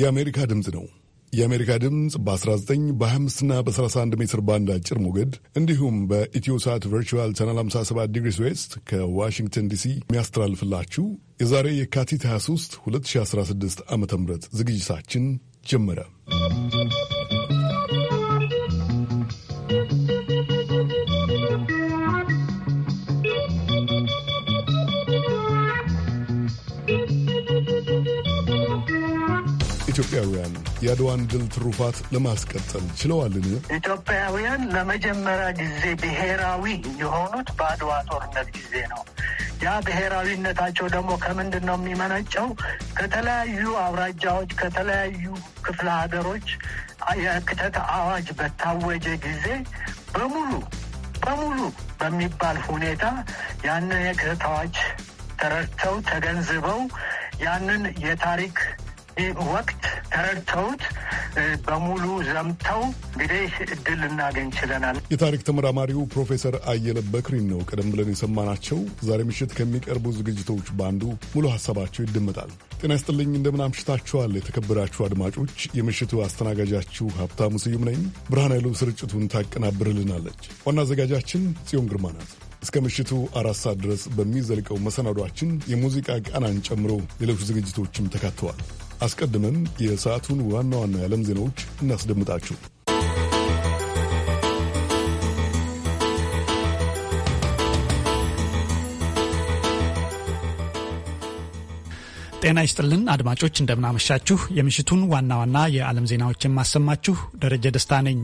የአሜሪካ ድምፅ ነው። የአሜሪካ ድምፅ በ19 በ25ና በ31 ሜትር ባንድ አጭር ሞገድ እንዲሁም በኢትዮሳት ቨርቹዋል ቻናል 57 ዲግሪስ ዌስት ከዋሽንግተን ዲሲ የሚያስተላልፍላችሁ የዛሬ የካቲት 23 2016 ዓ ም ዝግጅታችን ጀመረ። ኢትዮጵያውያን የአድዋን ድል ትሩፋት ለማስቀጠል ችለዋልን? ኢትዮጵያውያን ለመጀመሪያ ጊዜ ብሔራዊ የሆኑት በአድዋ ጦርነት ጊዜ ነው። ያ ብሔራዊነታቸው ደግሞ ከምንድን ነው የሚመነጨው? ከተለያዩ አውራጃዎች፣ ከተለያዩ ክፍለ ሀገሮች የክተት አዋጅ በታወጀ ጊዜ በሙሉ በሙሉ በሚባል ሁኔታ ያንን የክተት አዋጅ ተረድተው ተገንዝበው ያንን የታሪክ ወቅት ተረድተውት በሙሉ ዘምተው እንግዲህ እድል እናገኝ ችለናል። የታሪክ ተመራማሪው ፕሮፌሰር አየለ በክሪን ነው ቀደም ብለን የሰማናቸው። ዛሬ ምሽት ከሚቀርቡ ዝግጅቶች በአንዱ ሙሉ ሀሳባቸው ይደመጣል። ጤና ይስጥልኝ፣ እንደምን አምሽታችኋል የተከበራችሁ አድማጮች። የምሽቱ አስተናጋጃችሁ ሀብታሙ ስዩም ነኝ። ብርሃን ያለው ስርጭቱን ታቀናብርልናለች። ዋና አዘጋጃችን ጽዮን ግርማ ናት። እስከ ምሽቱ አራት ሰዓት ድረስ በሚዘልቀው መሰናዷችን የሙዚቃ ቃናን ጨምሮ ሌሎች ዝግጅቶችም ተካተዋል። አስቀድመን የሰዓቱን ዋና ዋና የዓለም ዜናዎች እናስደምጣችሁ። ጤና ይስጥልን አድማጮች፣ እንደምናመሻችሁ። የምሽቱን ዋና ዋና የዓለም ዜናዎችን ማሰማችሁ ደረጀ ደስታ ነኝ።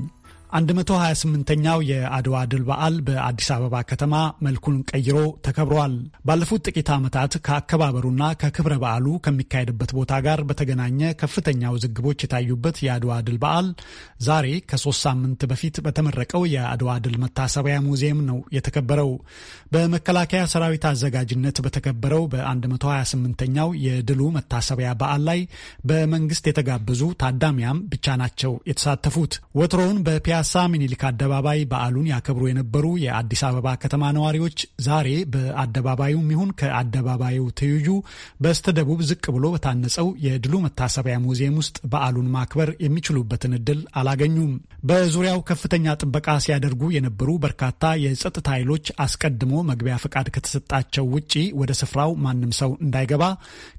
128ኛው የአድዋ ድል በዓል በአዲስ አበባ ከተማ መልኩን ቀይሮ ተከብሯል። ባለፉት ጥቂት ዓመታት ከአከባበሩና ከክብረ በዓሉ ከሚካሄድበት ቦታ ጋር በተገናኘ ከፍተኛ ውዝግቦች የታዩበት የአድዋ ድል በዓል ዛሬ ከሶስት ሳምንት በፊት በተመረቀው የአድዋ ድል መታሰቢያ ሙዚየም ነው የተከበረው። በመከላከያ ሰራዊት አዘጋጅነት በተከበረው በ128ኛው የድሉ መታሰቢያ በዓል ላይ በመንግስት የተጋበዙ ታዳሚያም ብቻ ናቸው የተሳተፉት። ወትሮውን በፒያ ፒያሳ ሚኒሊክ አደባባይ በዓሉን ያከብሩ የነበሩ የአዲስ አበባ ከተማ ነዋሪዎች ዛሬ በአደባባዩም ይሁን ከአደባባዩ ትይዩ በስተደቡብ ዝቅ ብሎ በታነጸው የድሉ መታሰቢያ ሙዚየም ውስጥ በዓሉን ማክበር የሚችሉበትን እድል አላገኙም። በዙሪያው ከፍተኛ ጥበቃ ሲያደርጉ የነበሩ በርካታ የጸጥታ ኃይሎች አስቀድሞ መግቢያ ፈቃድ ከተሰጣቸው ውጪ ወደ ስፍራው ማንም ሰው እንዳይገባ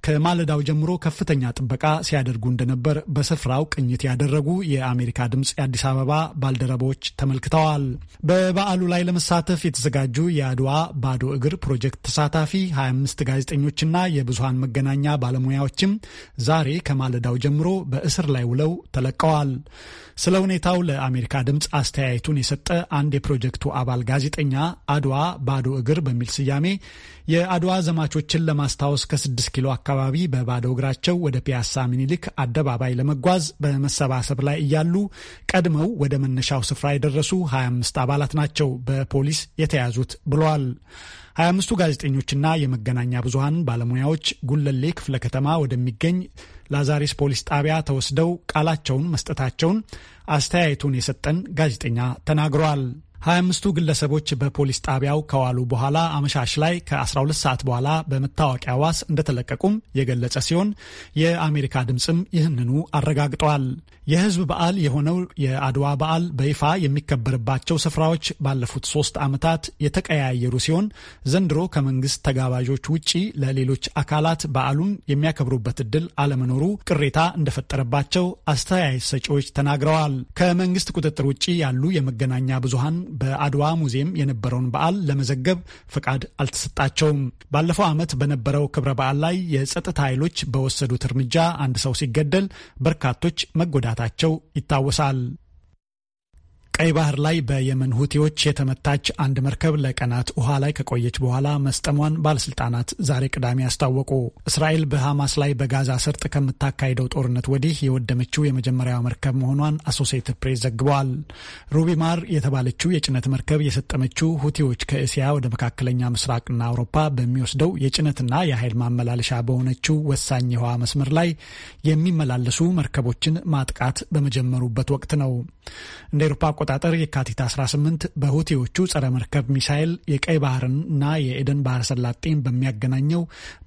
ከማለዳው ጀምሮ ከፍተኛ ጥበቃ ሲያደርጉ እንደነበር በስፍራው ቅኝት ያደረጉ የአሜሪካ ድምፅ የአዲስ አበባ ባልደረቦች ተመልክተዋል። በበዓሉ ላይ ለመሳተፍ የተዘጋጁ የአድዋ ባዶ እግር ፕሮጀክት ተሳታፊ 25 ጋዜጠኞችና የብዙሃን መገናኛ ባለሙያዎችም ዛሬ ከማለዳው ጀምሮ በእስር ላይ ውለው ተለቀዋል። ስለ ሁኔታው ለአሜሪካ ድምፅ አስተያየቱን የሰጠ አንድ የፕሮጀክቱ አባል ጋዜጠኛ አድዋ ባዶ እግር በሚል ስያሜ የአድዋ ዘማቾችን ለማስታወስ ከስድስት ኪሎ አካባቢ በባዶ እግራቸው ወደ ፒያሳ ሚኒሊክ አደባባይ ለመጓዝ በመሰባሰብ ላይ እያሉ ቀድመው ወደ መና መነሻው ስፍራ የደረሱ 25 አባላት ናቸው በፖሊስ የተያዙት ብለዋል። 25ቱ ጋዜጠኞችና የመገናኛ ብዙሃን ባለሙያዎች ጉለሌ ክፍለ ከተማ ወደሚገኝ ላዛሬስ ፖሊስ ጣቢያ ተወስደው ቃላቸውን መስጠታቸውን አስተያየቱን የሰጠን ጋዜጠኛ ተናግረዋል። 25ቱ ግለሰቦች በፖሊስ ጣቢያው ከዋሉ በኋላ አመሻሽ ላይ ከ12 ሰዓት በኋላ በመታወቂያ ዋስ እንደተለቀቁም የገለጸ ሲሆን የአሜሪካ ድምፅም ይህንኑ አረጋግጠዋል። የህዝብ በዓል የሆነው የአድዋ በዓል በይፋ የሚከበርባቸው ስፍራዎች ባለፉት ሶስት ዓመታት የተቀያየሩ ሲሆን ዘንድሮ ከመንግስት ተጋባዦች ውጪ ለሌሎች አካላት በዓሉን የሚያከብሩበት እድል አለመኖሩ ቅሬታ እንደፈጠረባቸው አስተያየት ሰጪዎች ተናግረዋል። ከመንግስት ቁጥጥር ውጪ ያሉ የመገናኛ ብዙሃን በአድዋ ሙዚየም የነበረውን በዓል ለመዘገብ ፈቃድ አልተሰጣቸውም። ባለፈው ዓመት በነበረው ክብረ በዓል ላይ የጸጥታ ኃይሎች በወሰዱት እርምጃ አንድ ሰው ሲገደል በርካቶች መጎዳታቸው ይታወሳል። ቀይ ባህር ላይ በየመን ሁቲዎች የተመታች አንድ መርከብ ለቀናት ውሃ ላይ ከቆየች በኋላ መስጠሟን ባለስልጣናት ዛሬ ቅዳሜ አስታወቁ። እስራኤል በሐማስ ላይ በጋዛ ሰርጥ ከምታካሂደው ጦርነት ወዲህ የወደመችው የመጀመሪያዋ መርከብ መሆኗን አሶሴትድ ፕሬስ ዘግበዋል። ሩቢማር የተባለችው የጭነት መርከብ የሰጠመችው ሁቲዎች ከእስያ ወደ መካከለኛ ምስራቅና አውሮፓ በሚወስደው የጭነትና የኃይል ማመላለሻ በሆነችው ወሳኝ የውሃ መስመር ላይ የሚመላለሱ መርከቦችን ማጥቃት በመጀመሩበት ወቅት ነው እንደ አቆጣጠር የካቲት 18 በሁቲዎቹ ጸረ መርከብ ሚሳይል የቀይ ባህርን እና የኤደን ባህረ ሰላጤን በሚያገናኘው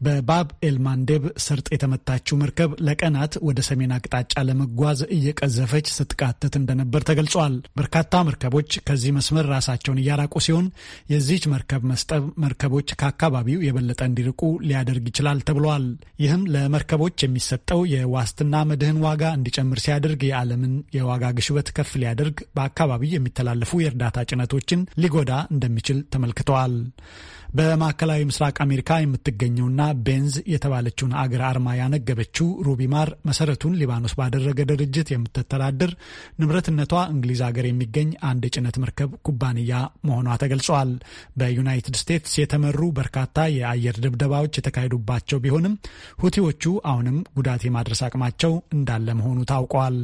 በባብ ኤልማንዴብ ስርጥ የተመታችው መርከብ ለቀናት ወደ ሰሜን አቅጣጫ ለመጓዝ እየቀዘፈች ስትቃትት እንደነበር ተገልጿል። በርካታ መርከቦች ከዚህ መስመር ራሳቸውን እያራቁ ሲሆን የዚች መርከብ መስጠብ መርከቦች ከአካባቢው የበለጠ እንዲርቁ ሊያደርግ ይችላል ተብሏል። ይህም ለመርከቦች የሚሰጠው የዋስትና መድህን ዋጋ እንዲጨምር ሲያደርግ የዓለምን የዋጋ ግሽበት ከፍ ሊያደርግ በአካባቢ አካባቢ የሚተላለፉ የእርዳታ ጭነቶችን ሊጎዳ እንደሚችል ተመልክተዋል። በማዕከላዊ ምስራቅ አሜሪካ የምትገኘውና ቤንዝ የተባለችውን አገር አርማ ያነገበችው ሩቢማር መሰረቱን ሊባኖስ ባደረገ ድርጅት የምትተዳደር ንብረትነቷ እንግሊዝ ሀገር የሚገኝ አንድ የጭነት መርከብ ኩባንያ መሆኗ ተገልጿል። በዩናይትድ ስቴትስ የተመሩ በርካታ የአየር ድብደባዎች የተካሄዱባቸው ቢሆንም ሁቲዎቹ አሁንም ጉዳት የማድረስ አቅማቸው እንዳለ መሆኑ ታውቋል።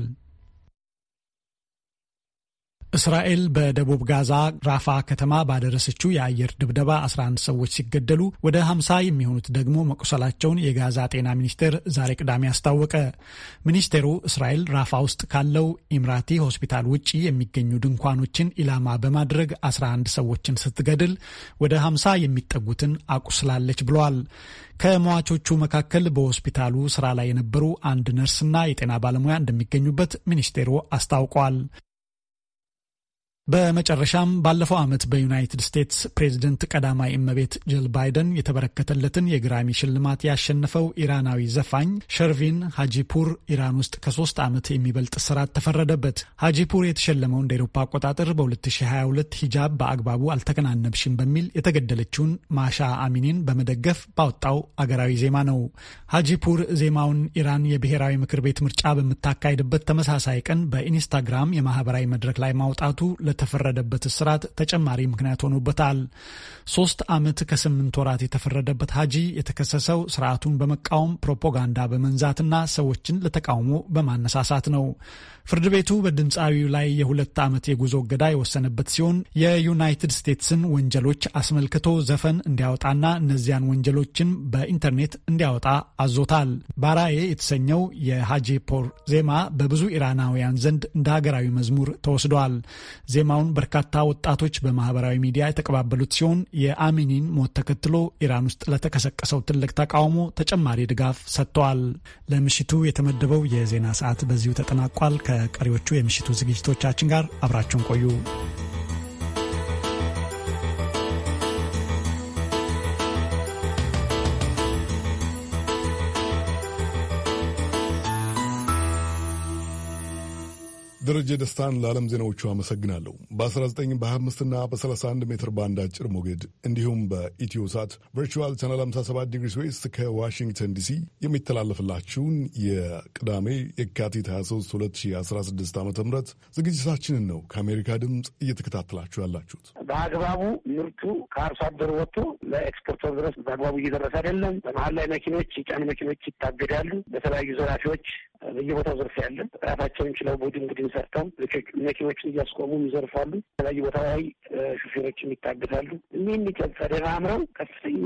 እስራኤል በደቡብ ጋዛ ራፋ ከተማ ባደረሰችው የአየር ድብደባ 11 ሰዎች ሲገደሉ ወደ 50 የሚሆኑት ደግሞ መቁሰላቸውን የጋዛ ጤና ሚኒስቴር ዛሬ ቅዳሜ አስታወቀ። ሚኒስቴሩ እስራኤል ራፋ ውስጥ ካለው ኢምራቲ ሆስፒታል ውጪ የሚገኙ ድንኳኖችን ኢላማ በማድረግ 11 ሰዎችን ስትገድል ወደ 50 የሚጠጉትን አቁስላለች ብለዋል። ከሟቾቹ መካከል በሆስፒታሉ ስራ ላይ የነበሩ አንድ ነርስና የጤና ባለሙያ እንደሚገኙበት ሚኒስቴሩ አስታውቋል። በመጨረሻም ባለፈው ዓመት በዩናይትድ ስቴትስ ፕሬዝደንት ቀዳማይ እመቤት ጅል ባይደን የተበረከተለትን የግራሚ ሽልማት ያሸነፈው ኢራናዊ ዘፋኝ ሸርቪን ሃጂፑር ኢራን ውስጥ ከሶስት ዓመት የሚበልጥ እስራት ተፈረደበት። ሃጂፑር የተሸለመው እንደ ኤሮፓ አቆጣጠር በ2022 ሂጃብ በአግባቡ አልተከናነብሽም በሚል የተገደለችውን ማሻ አሚኒን በመደገፍ ባወጣው አገራዊ ዜማ ነው። ሃጂፑር ዜማውን ኢራን የብሔራዊ ምክር ቤት ምርጫ በምታካሄድበት ተመሳሳይ ቀን በኢንስታግራም የማህበራዊ መድረክ ላይ ማውጣቱ የተፈረደበት እስራት ተጨማሪ ምክንያት ሆኖበታል። ሶስት ዓመት ከስምንት ወራት የተፈረደበት ሀጂ የተከሰሰው ስርዓቱን በመቃወም ፕሮፓጋንዳ በመንዛትና ሰዎችን ለተቃውሞ በማነሳሳት ነው። ፍርድ ቤቱ በድምፃዊው ላይ የሁለት ዓመት የጉዞ እገዳ የወሰነበት ሲሆን የዩናይትድ ስቴትስን ወንጀሎች አስመልክቶ ዘፈን እንዲያወጣና እነዚያን ወንጀሎችን በኢንተርኔት እንዲያወጣ አዞታል። ባራዬ የተሰኘው የሃጂፖር ዜማ በብዙ ኢራናውያን ዘንድ እንደ ሀገራዊ መዝሙር ተወስዷል። ዜማውን በርካታ ወጣቶች በማህበራዊ ሚዲያ የተቀባበሉት ሲሆን የአሚኒን ሞት ተከትሎ ኢራን ውስጥ ለተቀሰቀሰው ትልቅ ተቃውሞ ተጨማሪ ድጋፍ ሰጥተዋል። ለምሽቱ የተመደበው የዜና ሰዓት በዚሁ ተጠናቋል። ከቀሪዎቹ የምሽቱ ዝግጅቶቻችን ጋር አብራችሁን ቆዩ። ደረጀ ደስታን ለዓለም ዜናዎቹ አመሰግናለሁ። በ19 በ25ና በ31 ሜትር ባንድ አጭር ሞገድ እንዲሁም በኢትዮ ሳት ቨርቹዋል ቻናል 57 ዲግሪ ስዌስት ከዋሽንግተን ዲሲ የሚተላለፍላችሁን የቅዳሜ የካቲት 23 2016 ዓ ም ዝግጅታችንን ነው ከአሜሪካ ድምፅ እየተከታተላችሁ ያላችሁት። በአግባቡ ምርቱ ከአርሶ አደር ወጥቶ ለኤክስፖርተር ድረስ በአግባቡ እየደረሰ አይደለም። በመሀል ላይ መኪኖች የጫኑ መኪኖች ይታገዳሉ። በተለያዩ ዘራፊዎች በየቦታው ዘርፍ ያለ ራሳቸውን ችለው ቡድን እንግዲህ ሰርተው መኪኖችን እያስቆሙ ይዘርፋሉ። በተለያዩ ቦታ ላይ ሹፌሮችም ይታገታሉ። እኒህ ተደማምረው ከፍተኛ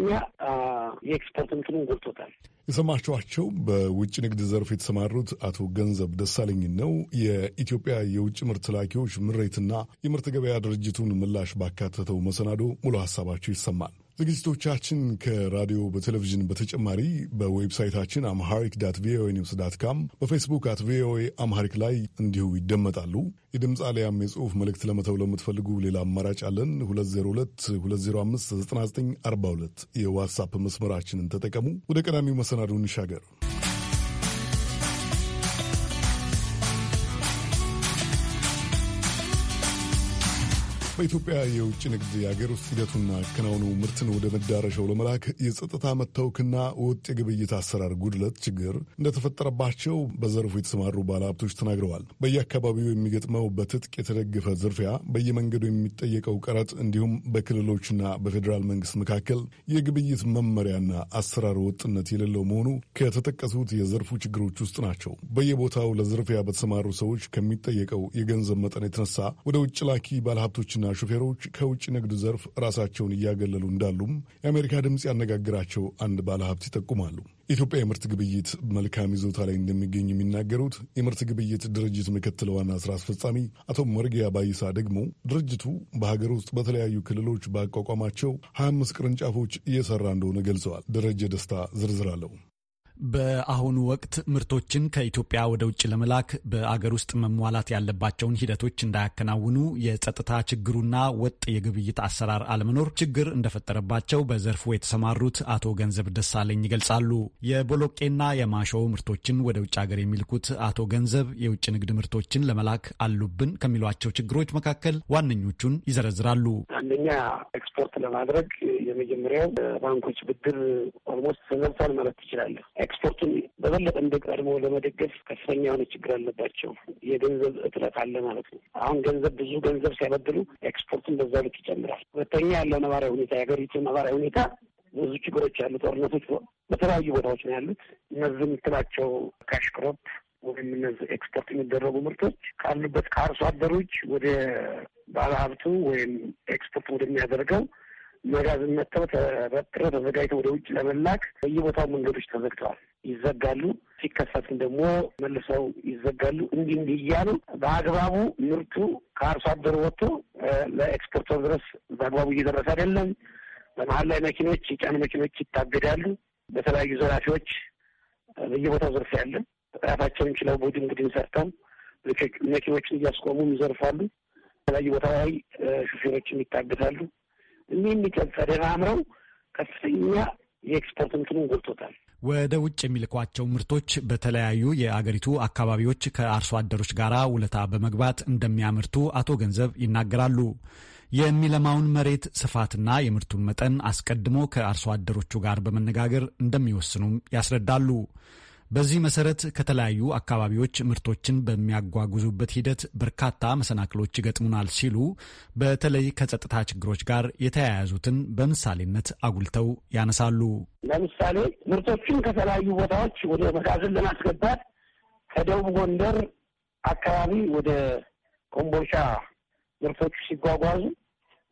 የኤክስፖርት እንትኑን ጎልቶታል። የሰማችኋቸው በውጭ ንግድ ዘርፍ የተሰማሩት አቶ ገንዘብ ደሳለኝን ነው። የኢትዮጵያ የውጭ ምርት ላኪዎች ምሬትና የምርት ገበያ ድርጅቱን ምላሽ ባካተተው መሰናዶ ሙሉ ሀሳባቸው ይሰማል። ዝግጅቶቻችን ከራዲዮ በቴሌቪዥን በተጨማሪ በዌብሳይታችን አምሃሪክ ዳት ቪኦኤ ኒውስ ዳት ካም፣ በፌስቡክ አት ቪኦኤ አምሃሪክ ላይ እንዲሁ ይደመጣሉ። የድምፅ አሊያም የጽሑፍ መልእክት ለመተው ለምትፈልጉ ሌላ አማራጭ አለን። 2022059942 የዋትሳፕ መስመራችንን ተጠቀሙ። ወደ ቀዳሚው መሰናዶ እንሻገር። በኢትዮጵያ የውጭ ንግድ የአገር ውስጥ ሂደቱና ያከናውኑ ምርትን ወደ መዳረሻው ለመላክ የጸጥታ መታወክና ወጥ የግብይት አሰራር ጉድለት ችግር እንደተፈጠረባቸው በዘርፉ የተሰማሩ ባለሀብቶች ተናግረዋል። በየአካባቢው የሚገጥመው በትጥቅ የተደገፈ ዝርፊያ፣ በየመንገዱ የሚጠየቀው ቀረጥ እንዲሁም በክልሎችና በፌዴራል መንግስት መካከል የግብይት መመሪያና አሰራር ወጥነት የሌለው መሆኑ ከተጠቀሱት የዘርፉ ችግሮች ውስጥ ናቸው። በየቦታው ለዝርፊያ በተሰማሩ ሰዎች ከሚጠየቀው የገንዘብ መጠን የተነሳ ወደ ውጭ ላኪ ባለሀብቶችና ሹፌሮች ከውጭ ንግድ ዘርፍ ራሳቸውን እያገለሉ እንዳሉም የአሜሪካ ድምፅ ያነጋግራቸው አንድ ባለሀብት ይጠቁማሉ። ኢትዮጵያ የምርት ግብይት መልካም ይዞታ ላይ እንደሚገኝ የሚናገሩት የምርት ግብይት ድርጅት ምክትል ዋና ስራ አስፈጻሚ አቶ መርጊያ ባይሳ ደግሞ ድርጅቱ በሀገር ውስጥ በተለያዩ ክልሎች ባቋቋማቸው 25 ቅርንጫፎች እየሰራ እንደሆነ ገልጸዋል። ደረጀ ደስታ ዝርዝር አለው። በአሁኑ ወቅት ምርቶችን ከኢትዮጵያ ወደ ውጭ ለመላክ በአገር ውስጥ መሟላት ያለባቸውን ሂደቶች እንዳያከናውኑ የጸጥታ ችግሩና ወጥ የግብይት አሰራር አለመኖር ችግር እንደፈጠረባቸው በዘርፉ የተሰማሩት አቶ ገንዘብ ደሳለኝ ይገልጻሉ። የቦሎቄና የማሾ ምርቶችን ወደ ውጭ ሀገር የሚልኩት አቶ ገንዘብ የውጭ ንግድ ምርቶችን ለመላክ አሉብን ከሚሏቸው ችግሮች መካከል ዋነኞቹን ይዘረዝራሉ። አንደኛ ኤክስፖርት ለማድረግ የመጀመሪያው ባንኮች ብድር ኦልሞስት ተዘርቷል ማለት ትችላለህ። ኤክስፖርቱን በበለጠ እንደ ቀድሞ ለመደገፍ ከፍተኛ የሆነ ችግር አለባቸው። የገንዘብ እጥረት አለ ማለት ነው። አሁን ገንዘብ ብዙ ገንዘብ ሲያበድሉ ኤክስፖርቱን በዛ ልክ ይጨምራል። ሁለተኛ ያለው ነባራዊ ሁኔታ የሀገሪቱ ነባራዊ ሁኔታ ብዙ ችግሮች ያሉ ጦርነቶች በተለያዩ ቦታዎች ነው ያሉት። እነዚህ የምትላቸው ካሽ ክሮፕ ወይም እነዚህ ኤክስፖርት የሚደረጉ ምርቶች ካሉበት ከአርሶ አደሮች ወደ ባለሀብቱ ወይም ኤክስፖርት ወደሚያደርገው መጋዘን መጥተው ተበጥሮ ተዘጋጅተው ወደ ውጭ ለመላክ በየቦታው መንገዶች ተዘግተዋል፣ ይዘጋሉ። ሲከሰትም ደግሞ መልሰው ይዘጋሉ። እንዲህ እንዲህ እያሉ በአግባቡ ምርቱ ከአርሶ አደር ወጥቶ ለኤክስፖርተር ድረስ በአግባቡ እየደረሰ አይደለም። በመሀል ላይ መኪኖች፣ የጫኑ መኪኖች ይታገዳሉ። በተለያዩ ዘራፊዎች በየቦታው ዘርፍ ያለ ራሳቸውን ችለው ቡድን ቡድን ሰርተው መኪኖችን እያስቆሙ ይዘርፋሉ። የተለያዩ ቦታ ላይ ሹፌሮችም ይታገታሉ። የሚቀፈር አምረው ከፍተኛ የኤክስፖርት እንትኑን ጎልቶታል። ወደ ውጭ የሚልኳቸው ምርቶች በተለያዩ የአገሪቱ አካባቢዎች ከአርሶ አደሮች ጋር ውለታ በመግባት እንደሚያመርቱ አቶ ገንዘብ ይናገራሉ። የሚለማውን መሬት ስፋትና የምርቱን መጠን አስቀድሞ ከአርሶ አደሮቹ ጋር በመነጋገር እንደሚወስኑም ያስረዳሉ። በዚህ መሰረት ከተለያዩ አካባቢዎች ምርቶችን በሚያጓጉዙበት ሂደት በርካታ መሰናክሎች ይገጥሙናል ሲሉ በተለይ ከጸጥታ ችግሮች ጋር የተያያዙትን በምሳሌነት አጉልተው ያነሳሉ። ለምሳሌ ምርቶችን ከተለያዩ ቦታዎች ወደ መጋዘን ለማስገባት ከደቡብ ጎንደር አካባቢ ወደ ኮምቦልቻ ምርቶቹ ሲጓጓዙ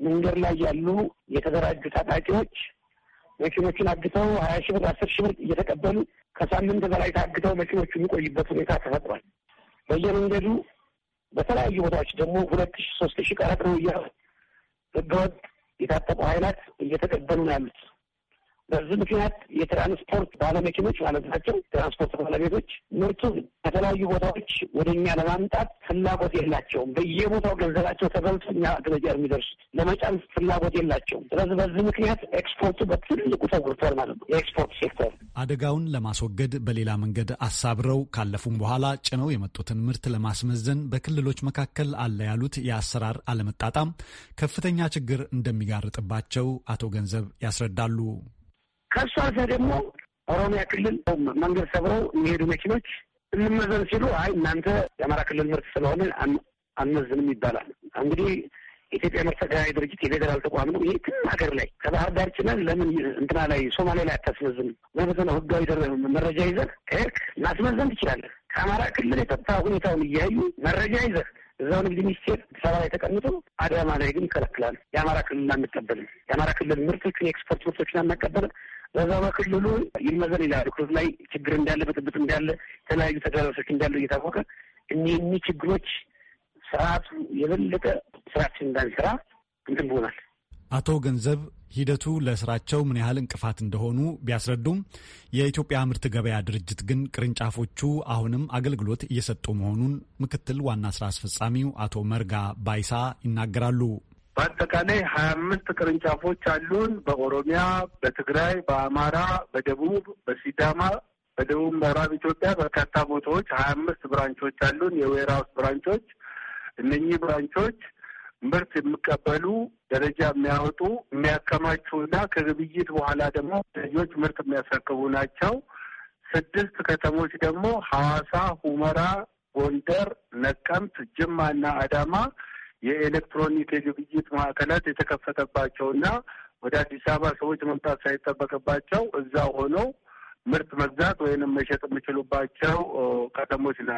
መንገድ ላይ ያሉ የተደራጁ ታጣቂዎች መኪኖችን አግተው ሀያ ሺ ብር አስር ሺ ብር እየተቀበሉ ከሳምንት በላይ ታግተው መኪኖቹ የሚቆዩበት ሁኔታ ተፈጥሯል። በየመንገዱ በተለያዩ ቦታዎች ደግሞ ሁለት ሺ ሶስት ሺ ቀረጥ ነው እያ ህገወጥ የታጠቁ ኃይላት እየተቀበሉ ነው ያሉት። በዚህ ምክንያት የትራንስፖርት ባለመኪኖች ማለት ናቸው ትራንስፖርት ባለቤቶች ምርቱን ከተለያዩ ቦታዎች ወደ እኛ ለማምጣት ፍላጎት የላቸውም። በየቦታው ገንዘባቸው ተበልቶ እኛ ደረጃ የሚደርሱት ለመጫን ፍላጎት የላቸውም። ስለዚህ በዚህ ምክንያት ኤክስፖርቱ በትልቁ ተጉርቷል ማለት ነው። የኤክስፖርት ሴክተር አደጋውን ለማስወገድ በሌላ መንገድ አሳብረው ካለፉም በኋላ ጭነው የመጡትን ምርት ለማስመዘን በክልሎች መካከል አለ ያሉት የአሰራር አለመጣጣም ከፍተኛ ችግር እንደሚጋርጥባቸው አቶ ገንዘብ ያስረዳሉ። ከእሱ አልፈ ደግሞ ኦሮሚያ ክልል መንገድ ሰብረው የሚሄዱ መኪኖች እንመዘን ሲሉ አይ እናንተ የአማራ ክልል ምርት ስለሆነ አንመዝንም ይባላል። እንግዲህ ኢትዮጵያ ምርት ተገበያይ ድርጅት የፌዴራል ተቋም ነው። ይህ ትም ሀገር ላይ ከባህር ዳር ጭነን ለምን እንትና ላይ ሶማሌ ላይ አታስመዝንም? በመሰለው ህጋዊ መረጃ ይዘህ ከሄድክ ማስመዘን ትችላለህ። ከአማራ ክልል የጸጥታ ሁኔታውን እያዩ መረጃ ይዘህ እዛው ንግድ ሚኒስቴር ሰባ ላይ ተቀምጦ አዳማ ላይ ግን ይከለክላል። የአማራ ክልል አንቀበልም፣ የአማራ ክልል ምርቶችን የኤክስፖርት ምርቶችን አናቀበልም በዛ በክልሉ ይመዘን ነገር ሌላ ላይ ችግር እንዳለ፣ ብጥብጥ እንዳለ፣ የተለያዩ ተግዳሮቶች እንዳሉ እየታወቀ እኒህ ችግሮች ስርዓቱ የበለጠ ስራችን እንዳንሰራ እንትን ብሆናል። አቶ ገንዘብ ሂደቱ ለስራቸው ምን ያህል እንቅፋት እንደሆኑ ቢያስረዱም የኢትዮጵያ ምርት ገበያ ድርጅት ግን ቅርንጫፎቹ አሁንም አገልግሎት እየሰጡ መሆኑን ምክትል ዋና ስራ አስፈጻሚው አቶ መርጋ ባይሳ ይናገራሉ። በአጠቃላይ ሀያ አምስት ቅርንጫፎች አሉን። በኦሮሚያ፣ በትግራይ፣ በአማራ፣ በደቡብ፣ በሲዳማ፣ በደቡብ ምዕራብ ኢትዮጵያ በርካታ ቦታዎች ሀያ አምስት ብራንቾች አሉን። የዌር ብራንቾች እነኚህ ብራንቾች ምርት የሚቀበሉ ደረጃ የሚያወጡ የሚያከማቹና ከግብይት በኋላ ደግሞ ደጆች ምርት የሚያስረክቡ ናቸው። ስድስት ከተሞች ደግሞ ሐዋሳ፣ ሁመራ፣ ጎንደር፣ ነቀምት፣ ጅማ እና አዳማ የኤሌክትሮኒክ የግብይት ማዕከላት የተከፈተባቸውና ወደ አዲስ አበባ ሰዎች መምጣት ሳይጠበቅባቸው እዛ ሆነው ምርት መግዛት ወይንም መሸጥ የሚችሉባቸው ከተሞች ና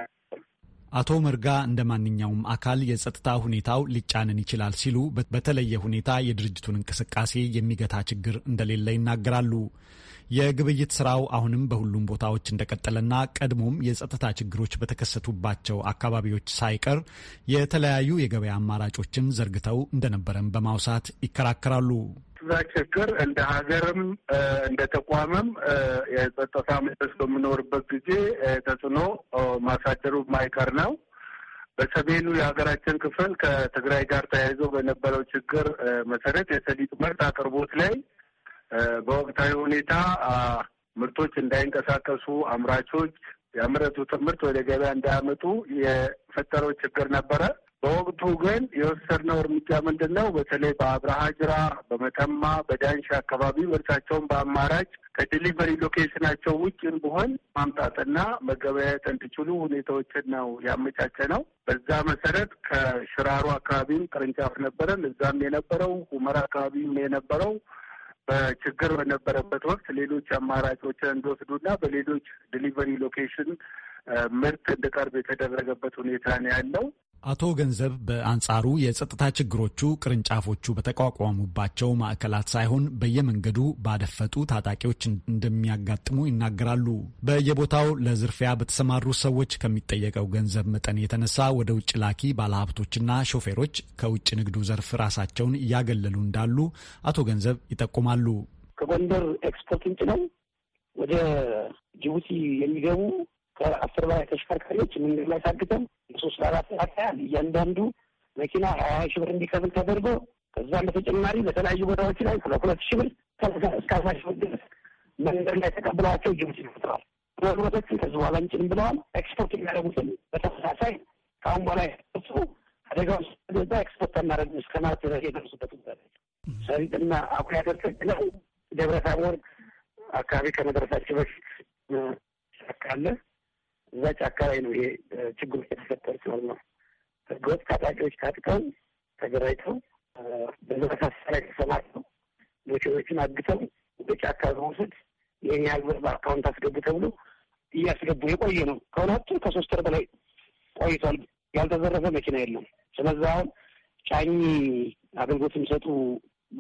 አቶ መርጋ እንደ ማንኛውም አካል የጸጥታ ሁኔታው ሊጫንን ይችላል ሲሉ በተለየ ሁኔታ የድርጅቱን እንቅስቃሴ የሚገታ ችግር እንደሌለ ይናገራሉ። የግብይት ስራው አሁንም በሁሉም ቦታዎች እንደቀጠለና ቀድሞም የጸጥታ ችግሮች በተከሰቱባቸው አካባቢዎች ሳይቀር የተለያዩ የገበያ አማራጮችን ዘርግተው እንደነበረም በማውሳት ይከራከራሉ። ዛ ችግር እንደ ሀገርም እንደ ተቋምም የጸጥታ መስ በምኖርበት ጊዜ ተጽዕኖ ማሳደሩ ማይቀር ነው። በሰሜኑ የሀገራችን ክፍል ከትግራይ ጋር ተያይዞ በነበረው ችግር መሰረት የሰሊጥ ምርት አቅርቦት ላይ በወቅታዊ ሁኔታ ምርቶች እንዳይንቀሳቀሱ አምራቾች ያመረቱትን ምርት ወደ ገበያ እንዳያመጡ የፈጠረው ችግር ነበረ። በወቅቱ ግን የወሰድነው እርምጃ ምንድን ነው? በተለይ በአብረሃ ጅራ፣ በመተማ፣ በዳንሻ አካባቢ ምርታቸውን በአማራጭ ከዲሊቨሪ ሎኬሽናቸው ውጭን በሆን ማምጣትና መገበያየት እንዲችሉ ሁኔታዎችን ነው ያመቻቸ ነው። በዛ መሰረት ከሽራሮ አካባቢም ቅርንጫፍ ነበረን። እዛም የነበረው ሁመራ አካባቢም የነበረው በችግር በነበረበት ወቅት ሌሎች አማራጮችን እንደወስዱና በሌሎች ዲሊቨሪ ሎኬሽን ምርት እንዲቀርብ የተደረገበት ሁኔታ ነው ያለው። አቶ ገንዘብ በአንጻሩ የጸጥታ ችግሮቹ ቅርንጫፎቹ በተቋቋሙባቸው ማዕከላት ሳይሆን በየመንገዱ ባደፈጡ ታጣቂዎች እንደሚያጋጥሙ ይናገራሉ። በየቦታው ለዝርፊያ በተሰማሩ ሰዎች ከሚጠየቀው ገንዘብ መጠን የተነሳ ወደ ውጭ ላኪ ባለሀብቶችና ሾፌሮች ከውጭ ንግዱ ዘርፍ ራሳቸውን እያገለሉ እንዳሉ አቶ ገንዘብ ይጠቁማሉ። ከጎንደር ኤክስፖርት ውጭ ነው ወደ ጅቡቲ የሚገቡ ከአስር በላይ ተሽከርካሪዎች መንገድ ላይ ታግተን ሶስት ለአራት ሰዓት ያህል እያንዳንዱ መኪና ሀያ ሺ ብር እንዲከፍል ተደርጎ ከዛም በተጨማሪ በተለያዩ ቦታዎች ላይ ስለ ሁለት ሺ ብር እስከ አስራ ሺ ብር ድረስ መንገድ ላይ ተቀብለዋቸው ጅቡቲ ይፈጥረዋል። ንብረቶችን ከዚህ በኋላ አንጭንም ብለዋል። ኤክስፖርት የሚያደርጉትን በተመሳሳይ ከአሁን በላይ ሱ አደጋ ውስጥ ገዛ ኤክስፖርት አናደርግ እስከ ማለት ድረስ የደረሱበት ዛለች ሰሪጥና አኩሪ ሀገር ነው። ደብረ ታቦር አካባቢ ከመድረሳቸው በፊት አካለ እዛ ጫካ ላይ ነው ይሄ ችግሮች የተፈጠሩት ሲሆን ነው። ህገወጥ ታጣቂዎች ታጥቀው ተገራጅተው በመሳሳ ላይ ተሰማርተው አግተው ወደ ጫካ በመውሰድ ይህን ያህል ብር በአካውንት አስገቡ ተብሎ እያስገቡ የቆየ ነው። ከሁለቱ ከሶስት ወር በላይ ቆይቷል። ያልተዘረፈ መኪና የለም። ስለዛ አሁን ጫኝ አገልግሎት የሚሰጡ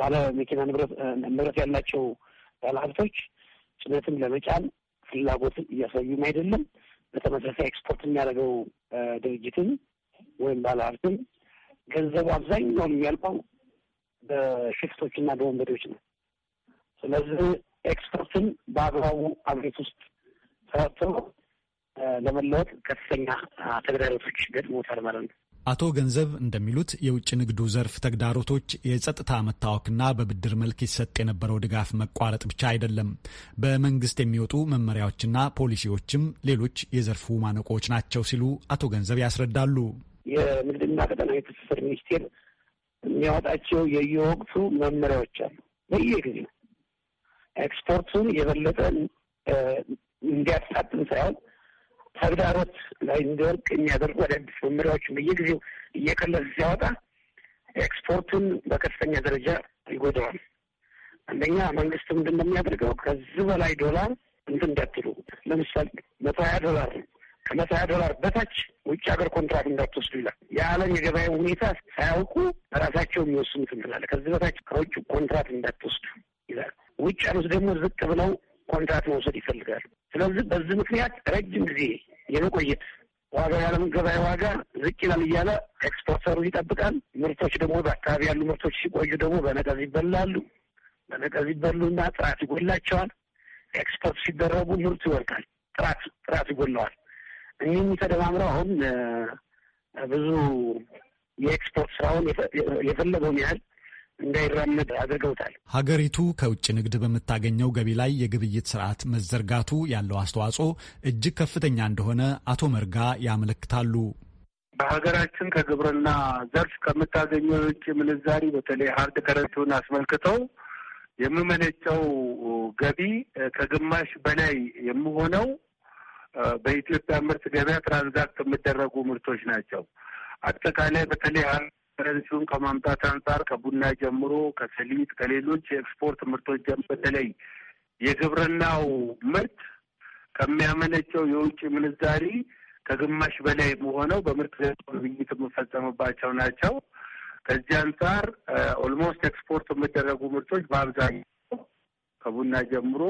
ባለ መኪና ንብረት ያላቸው ባለሀብቶች ጭነትም ለመጫን ፍላጎት እያሳዩም አይደለም። በተመሳሳይ ኤክስፖርት የሚያደርገው ድርጅትም ወይም ባለሀብትም ገንዘቡ አብዛኛውን የሚያልቀው በሽፍቶች እና በወንበዴዎች ነው። ስለዚህ ኤክስፖርትን በአግባቡ አገሪቱ ውስጥ ተረቶ ለመለወጥ ከፍተኛ ተግዳሮቶች ገጥሞታል ማለት ነው። አቶ ገንዘብ እንደሚሉት የውጭ ንግዱ ዘርፍ ተግዳሮቶች የጸጥታ መታወክና በብድር መልክ ይሰጥ የነበረው ድጋፍ መቋረጥ ብቻ አይደለም። በመንግስት የሚወጡ መመሪያዎችና ፖሊሲዎችም ሌሎች የዘርፉ ማነቆዎች ናቸው ሲሉ አቶ ገንዘብ ያስረዳሉ። የንግድና ቀጠናዊ ትስስር ሚኒስቴር የሚያወጣቸው የየወቅቱ መመሪያዎች አሉ። በየጊዜው ኤክስፖርቱን የበለጠ እንዲያፋጥን ሳይሆን ተግዳሮት ላይ እንዲወርቅ የሚያደርጉ አዳዲስ መመሪያዎችን በየጊዜው እየቀለስ ሲያወጣ ኤክስፖርቱን በከፍተኛ ደረጃ ይጎደዋል። አንደኛ መንግስት ምንድን ነው የሚያደርገው? ከዚህ በላይ ዶላር እንትን እንዳትሉ፣ ለምሳሌ መቶ ሀያ ዶላር ከመቶ ሀያ ዶላር በታች ውጭ ሀገር ኮንትራት እንዳትወስዱ ይላል። የዓለም የገበያ ሁኔታ ሳያውቁ ራሳቸው የሚወስኑት እንትን አለ። ከዚህ በታች ከውጭ ኮንትራት እንዳትወስዱ ይላል። ውጭ ያሉት ደግሞ ዝቅ ብለው ኮንትራት መውሰድ ይፈልጋል። ስለዚህ በዚህ ምክንያት ረጅም ጊዜ የመቆየት ዋጋ የዓለም ገበያ ዋጋ ዝቅ ይላል እያለ ኤክስፖርተሩ ይጠብቃል። ምርቶች ደግሞ በአካባቢ ያሉ ምርቶች ሲቆዩ ደግሞ በነቀዝ ይበላሉ። በነቀዝ ይበሉና ጥራት ይጎላቸዋል። ኤክስፖርት ሲደረጉ ምርቱ ይወርቃል፣ ጥራት ጥራት ይጎለዋል። እኒህም ተደማምረው አሁን ብዙ የኤክስፖርት ስራውን የፈለገውን ያህል እንዳይራመድ አድርገውታል። ሀገሪቱ ከውጭ ንግድ በምታገኘው ገቢ ላይ የግብይት ስርዓት መዘርጋቱ ያለው አስተዋጽኦ እጅግ ከፍተኛ እንደሆነ አቶ መርጋ ያመለክታሉ። በሀገራችን ከግብርና ዘርፍ ከምታገኘው የውጭ ምንዛሪ በተለይ ሀርድ ከረንሲውን አስመልክተው የምመነጨው ገቢ ከግማሽ በላይ የሚሆነው በኢትዮጵያ ምርት ገበያ ትራንዛክት የሚደረጉ ምርቶች ናቸው። አጠቃላይ በተለይ ሀርድ ኮንፈረንሱን ከማምጣት አንጻር ከቡና ጀምሮ ከሰሊጥ፣ ከሌሎች የኤክስፖርት ምርቶች በተለይ የግብርናው ምርት ከሚያመነጨው የውጭ ምንዛሪ ከግማሽ በላይ መሆነው በምርት ግብይት የምፈጸምባቸው ናቸው። ከዚህ አንጻር ኦልሞስት ኤክስፖርት የሚደረጉ ምርቶች በአብዛኛው ከቡና ጀምሮ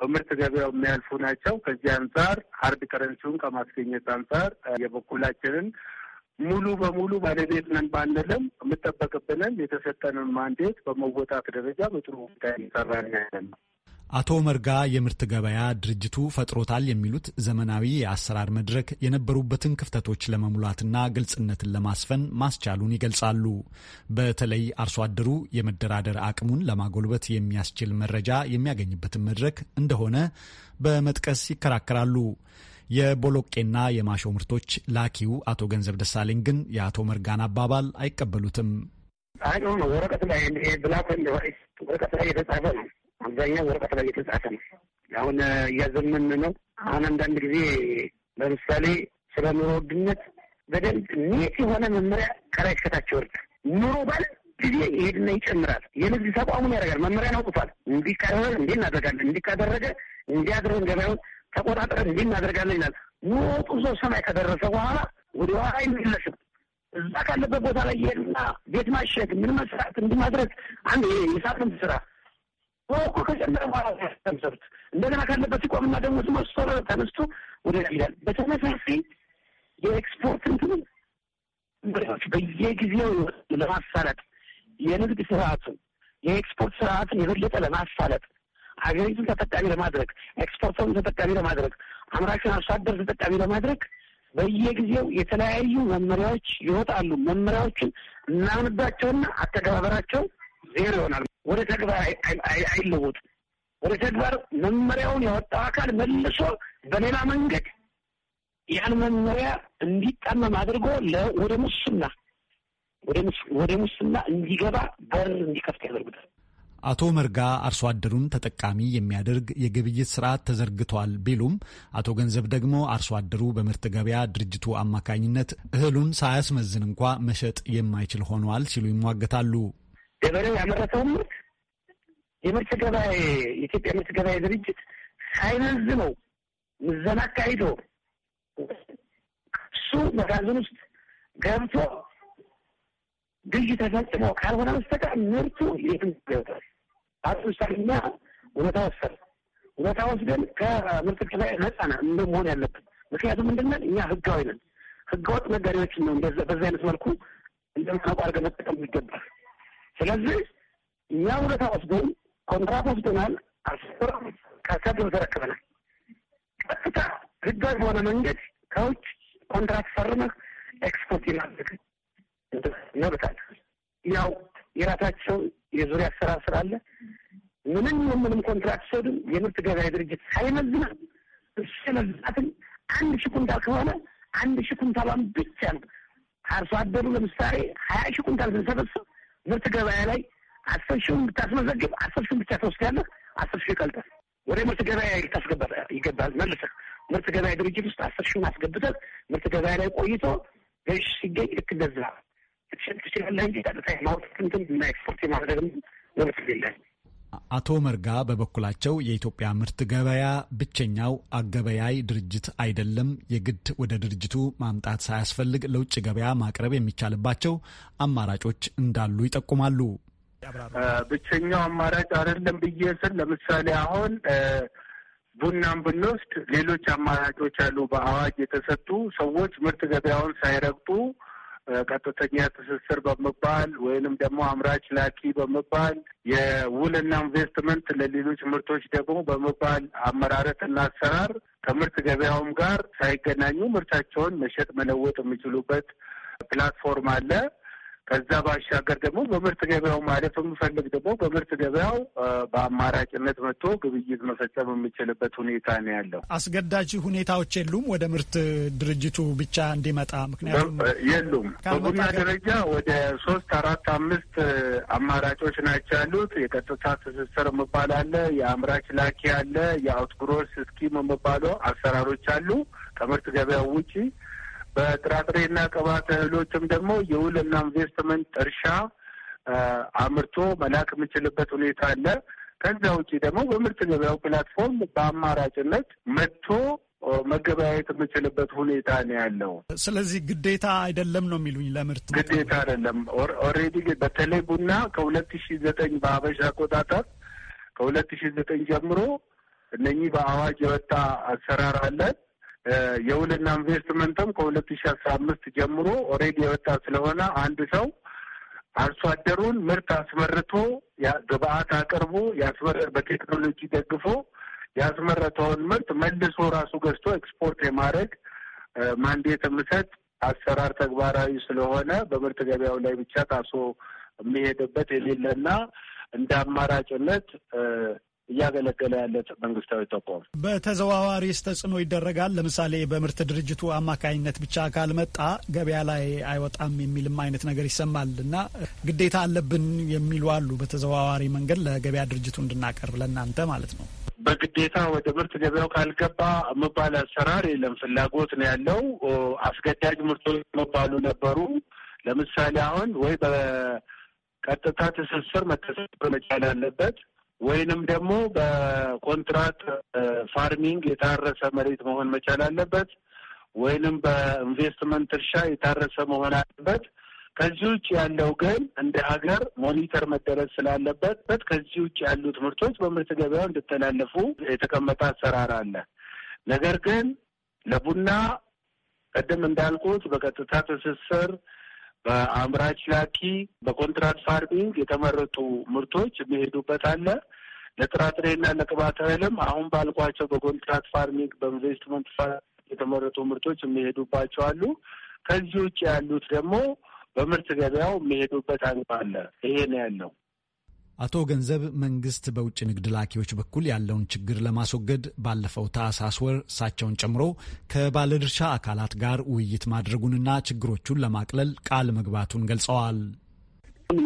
በምርት ገበያው የሚያልፉ ናቸው። ከዚህ አንጻር ሀርድ ከረንሲውን ከማስገኘት አንጻር የበኩላችንን ሙሉ በሙሉ ባለቤት ነን ባንልም የምጠበቅብንን የተሰጠንን ማንዴት በመወጣት ደረጃ በጥሩ ሁኔታ እየሰራን ያለን ነው። አቶ መርጋ የምርት ገበያ ድርጅቱ ፈጥሮታል የሚሉት ዘመናዊ የአሰራር መድረክ የነበሩበትን ክፍተቶች ለመሙላትና ግልጽነትን ለማስፈን ማስቻሉን ይገልጻሉ። በተለይ አርሶ አደሩ የመደራደር አቅሙን ለማጎልበት የሚያስችል መረጃ የሚያገኝበትን መድረክ እንደሆነ በመጥቀስ ይከራከራሉ። የቦሎቄና የማሾ ምርቶች ላኪው አቶ ገንዘብ ደሳለኝ ግን የአቶ መርጋን አባባል አይቀበሉትም። ወረቀት ላይ ብላክ ወይም ወረቀት ላይ የተጻፈ ነው። አብዛኛው ወረቀት ላይ የተጻፈ ነው። አሁን እያዘመን ነው። አሁን አንዳንድ ጊዜ ለምሳሌ ስለ ኑሮ ውድነት በደንብ ኔት የሆነ መመሪያ ከላይ እስከታች ወርድ ኑሮ ባለ ጊዜ ይሄድና ይጨምራል። የንግድ ተቋሙን ያደርጋል መመሪያን አውጥቷል። እንዲህ ካልሆነ እንዲህ እናደርጋለን፣ እንዲህ ካደረገ እንዲያድረን ገበያውን ተቆጣጠረን እንዲህ እናደርጋለን ይላል። ሞቱ ሰው ሰማይ ከደረሰ በኋላ ወደ ኋላ አይመለስም። እዛ ካለበት ቦታ ላይ ይሄድና ቤት ማሸግ፣ ምን መስራት፣ እንዲማድረግ አንድ የሳትም ስራ እኮ ከጀመረ በኋላ ያስተምሰሩት እንደገና ካለበት ሲቆምና ደግሞ ስመስቶ ተነስቶ ወደ ይላል። በተመሳሳይ የኤክስፖርት እንትን መሪዎች በየጊዜው ለማሳለጥ የንግድ ስርዓቱን የኤክስፖርት ስርዓትን የበለጠ ለማሳለጥ ሀገሪቱን ተጠቃሚ ለማድረግ ኤክስፖርተሩን ተጠቃሚ ለማድረግ አምራችን አርሶ አደር ተጠቃሚ ለማድረግ በየጊዜው የተለያዩ መመሪያዎች ይወጣሉ። መመሪያዎችን እናምንባቸውና አተገባበራቸው ዜሮ ይሆናል። ወደ ተግባር አይለወጡም። ወደ ተግባር መመሪያውን ያወጣው አካል መልሶ በሌላ መንገድ ያን መመሪያ እንዲጣመም አድርጎ ወደ ሙስና ወደ ሙስና እንዲገባ በር እንዲከፍት ያደርጉታል። አቶ መርጋ አርሶ አደሩን ተጠቃሚ የሚያደርግ የግብይት ስርዓት ተዘርግቷል ቢሉም አቶ ገንዘብ ደግሞ አርሶ አደሩ በምርት ገበያ ድርጅቱ አማካኝነት እህሉን ሳያስመዝን እንኳ መሸጥ የማይችል ሆኗል ሲሉ ይሟገታሉ። ገበሬው ያመረተውን ምርት የምርት ገበያ የኢትዮጵያ ምርት ገበያ ድርጅት ሳይመዝነው ምዘና አካሂዶ እሱ መጋዘን ውስጥ ገብቶ ግዥ ተፈጽሞ ካልሆነ በስተቀር ምርቱ የትም ገብቷል። አቶ አጥንሳልና እውነታ ወሰን እውነታ ወስደን ከምርጥቅ ላይ ነጻ ነን መሆን ያለብን። ምክንያቱም ምንድነን እኛ ህጋዊ ነን። ህገወጥ ነጋዴዎችን ነው በዛ አይነት መልኩ እንደምናውቁ አድርገን መጠቀም ይገባል። ስለዚህ እኛ እውነታ ወስደን ኮንትራት ወስደናል። አስር ከከብ ተረክበናል። ቀጥታ ህጋዊ በሆነ መንገድ ከውጭ ኮንትራት ፈርመህ ኤክስፖርት ነብታል ያው የራሳቸው የዙሪያ አሰራር ስላለ ምንም የምንም ኮንትራክት ሰዱም የምርት ገበያ ድርጅት ሳይመዝና እሱ መዝናትን አንድ ሺ ኩንታል ከሆነ አንድ ሺ ኩንታሏን ብቻ ነው። አርሶ አደሩ ለምሳሌ ሀያ ሺ ኩንታል ስንሰበስብ ምርት ገበያ ላይ አስር ሺውን ብታስመዘግብ አስር ሺውን ብቻ ተወስዳለህ። አስር ሺህ ይቀልጣል። ወደ ምርት ገበያ ልታስገባ ይገባል። መልሰህ ምርት ገበያ ድርጅት ውስጥ አስር ሺውን አስገብተህ ምርት ገበያ ላይ ቆይቶ ገዥ ሲገኝ ልክ እንደዛ አቶ መርጋ በበኩላቸው የኢትዮጵያ ምርት ገበያ ብቸኛው አገበያይ ድርጅት አይደለም፣ የግድ ወደ ድርጅቱ ማምጣት ሳያስፈልግ ለውጭ ገበያ ማቅረብ የሚቻልባቸው አማራጮች እንዳሉ ይጠቁማሉ። ብቸኛው አማራጭ አይደለም ብዬ ስል ለምሳሌ አሁን ቡናን ብንወስድ ሌሎች አማራጮች አሉ፣ በአዋጅ የተሰጡ ሰዎች ምርት ገበያውን ሳይረግጡ ቀጥተኛ ትስስር በመባል ወይንም ደግሞ አምራች ላኪ በመባል የውልና ኢንቨስትመንት ለሌሎች ምርቶች ደግሞ በመባል አመራረትና አሰራር ከምርት ገበያውም ጋር ሳይገናኙ ምርታቸውን መሸጥ መለወጥ የሚችሉበት ፕላትፎርም አለ። ከዛ ባሻገር ደግሞ በምርት ገበያው ማለፍ የምፈልግ ደግሞ በምርት ገበያው በአማራጭነት መጥቶ ግብይት መፈጸም የምችልበት ሁኔታ ነው ያለው። አስገዳጅ ሁኔታዎች የሉም ወደ ምርት ድርጅቱ ብቻ እንዲመጣ ምክንያቱም የሉም። በቡና ደረጃ ወደ ሶስት አራት አምስት አማራጮች ናቸው ያሉት። የቀጥታ ትስስር የምባል አለ፣ የአምራች ላኪ አለ፣ የአውትግሮስ ስኪም የምባለው አሰራሮች አሉ ከምርት ገበያው ውጪ በጥራጥሬና ቅባት እህሎችም ደግሞ የውልና ኢንቨስትመንት እርሻ አምርቶ መላክ የምችልበት ሁኔታ አለ። ከዛ ውጭ ደግሞ በምርት ገበያው ፕላትፎርም በአማራጭነት መጥቶ መገበያየት የምችልበት ሁኔታ ነው ያለው። ስለዚህ ግዴታ አይደለም ነው የሚሉኝ? ለምርት ግዴታ አይደለም። ኦልሬዲ በተለይ ቡና ከሁለት ሺ ዘጠኝ በአበሻ አቆጣጠር ከሁለት ሺ ዘጠኝ ጀምሮ እነኚህ በአዋጅ የወጣ አሰራር አለ። የውልና ኢንቨስትመንትም ከሁለት ሺ አስራ አምስት ጀምሮ ኦልሬዲ የወጣ ስለሆነ አንድ ሰው አርሶ አደሩን ምርት አስመርቶ ግብአት አቅርቦ በቴክኖሎጂ ደግፎ ያስመረተውን ምርት መልሶ ራሱ ገዝቶ ኤክስፖርት የማድረግ ማንዴት የምሰጥ አሰራር ተግባራዊ ስለሆነ በምርት ገበያው ላይ ብቻ ታሶ የሚሄድበት የሌለና እንደ አማራጭነት እያገለገለ ያለ መንግስታዊ ተቋም በተዘዋዋሪስ ተጽዕኖ ይደረጋል። ለምሳሌ በምርት ድርጅቱ አማካኝነት ብቻ ካልመጣ ገበያ ላይ አይወጣም የሚልም አይነት ነገር ይሰማል እና ግዴታ አለብን የሚሉ አሉ። በተዘዋዋሪ መንገድ ለገበያ ድርጅቱ እንድናቀርብ ለእናንተ ማለት ነው። በግዴታ ወደ ምርት ገበያው ካልገባ መባል አሰራር የለም። ፍላጎት ነው ያለው። አስገዳጅ ምርቶች መባሉ ነበሩ። ለምሳሌ አሁን ወይ በቀጥታ ትስስር መተሳሰር መቻል አለበት ወይንም ደግሞ በኮንትራት ፋርሚንግ የታረሰ መሬት መሆን መቻል አለበት፣ ወይንም በኢንቨስትመንት እርሻ የታረሰ መሆን አለበት። ከዚህ ውጭ ያለው ግን እንደ ሀገር ሞኒተር መደረግ ስላለበት ከዚህ ውጭ ያሉት ምርቶች በምርት ገበያው እንዲተላለፉ የተቀመጠ አሰራር አለ። ነገር ግን ለቡና ቅድም እንዳልኩት በቀጥታ ትስስር በአምራች ላኪ፣ በኮንትራት ፋርሚንግ የተመረጡ ምርቶች የሚሄዱበት አለ። ለጥራጥሬና ለቅባት እህልም አሁን ባልኳቸው በኮንትራት ፋርሚንግ በኢንቨስትመንት የተመረጡ ምርቶች የሚሄዱባቸው አሉ። ከዚህ ውጭ ያሉት ደግሞ በምርት ገበያው የሚሄዱበት አግባ አለ። ይሄ ነው ያለው። አቶ ገንዘብ መንግስት በውጭ ንግድ ላኪዎች በኩል ያለውን ችግር ለማስወገድ ባለፈው ታህሳስ ወር እሳቸውን ጨምሮ ከባለድርሻ አካላት ጋር ውይይት ማድረጉንና ችግሮቹን ለማቅለል ቃል መግባቱን ገልጸዋል።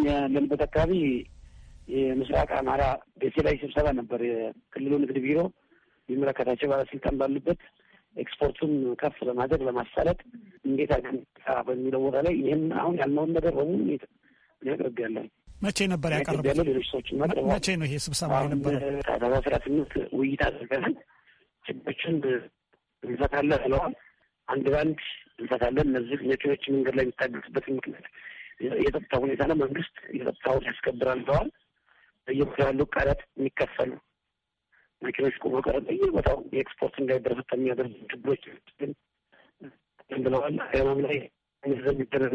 ያለንበት አካባቢ የምስራቅ አማራ ደሴ ላይ ስብሰባ ነበር። የክልሉ ንግድ ቢሮ የሚመለከታቸው ባለስልጣን ባሉበት ኤክስፖርቱን ከፍ ለማድረግ ለማሳለጥ እንዴት በሚለው ቦታ ላይ ይህን አሁን ያልነውን ነገር በሙሉ ያለን መቼ ነበር ያቀረቡት? መቼ ነው ይሄ ስብሰባ የነበረ? ከዛ ስራ ስምንት ውይይት አድርገናል። ችግሮችን እንፈታለን ብለዋል። አንድ ባንድ እንፈታለን። እነዚህ ጥያቄዎች መንገድ ላይ የሚታገሱበትን ምክንያት የጸጥታ ሁኔታ ነው። መንግስት የጸጥታውን ያስከብራል ብለዋል። በየቦታ ያሉ ቀረጥ የሚከፈሉ መኪኖች ቁሞ ቀረጥ በየቦታው የኤክስፖርት እንዳይደረስ የሚያደርጉ ችግሮች ብለዋል። ሃይማም ላይ ሚደረግ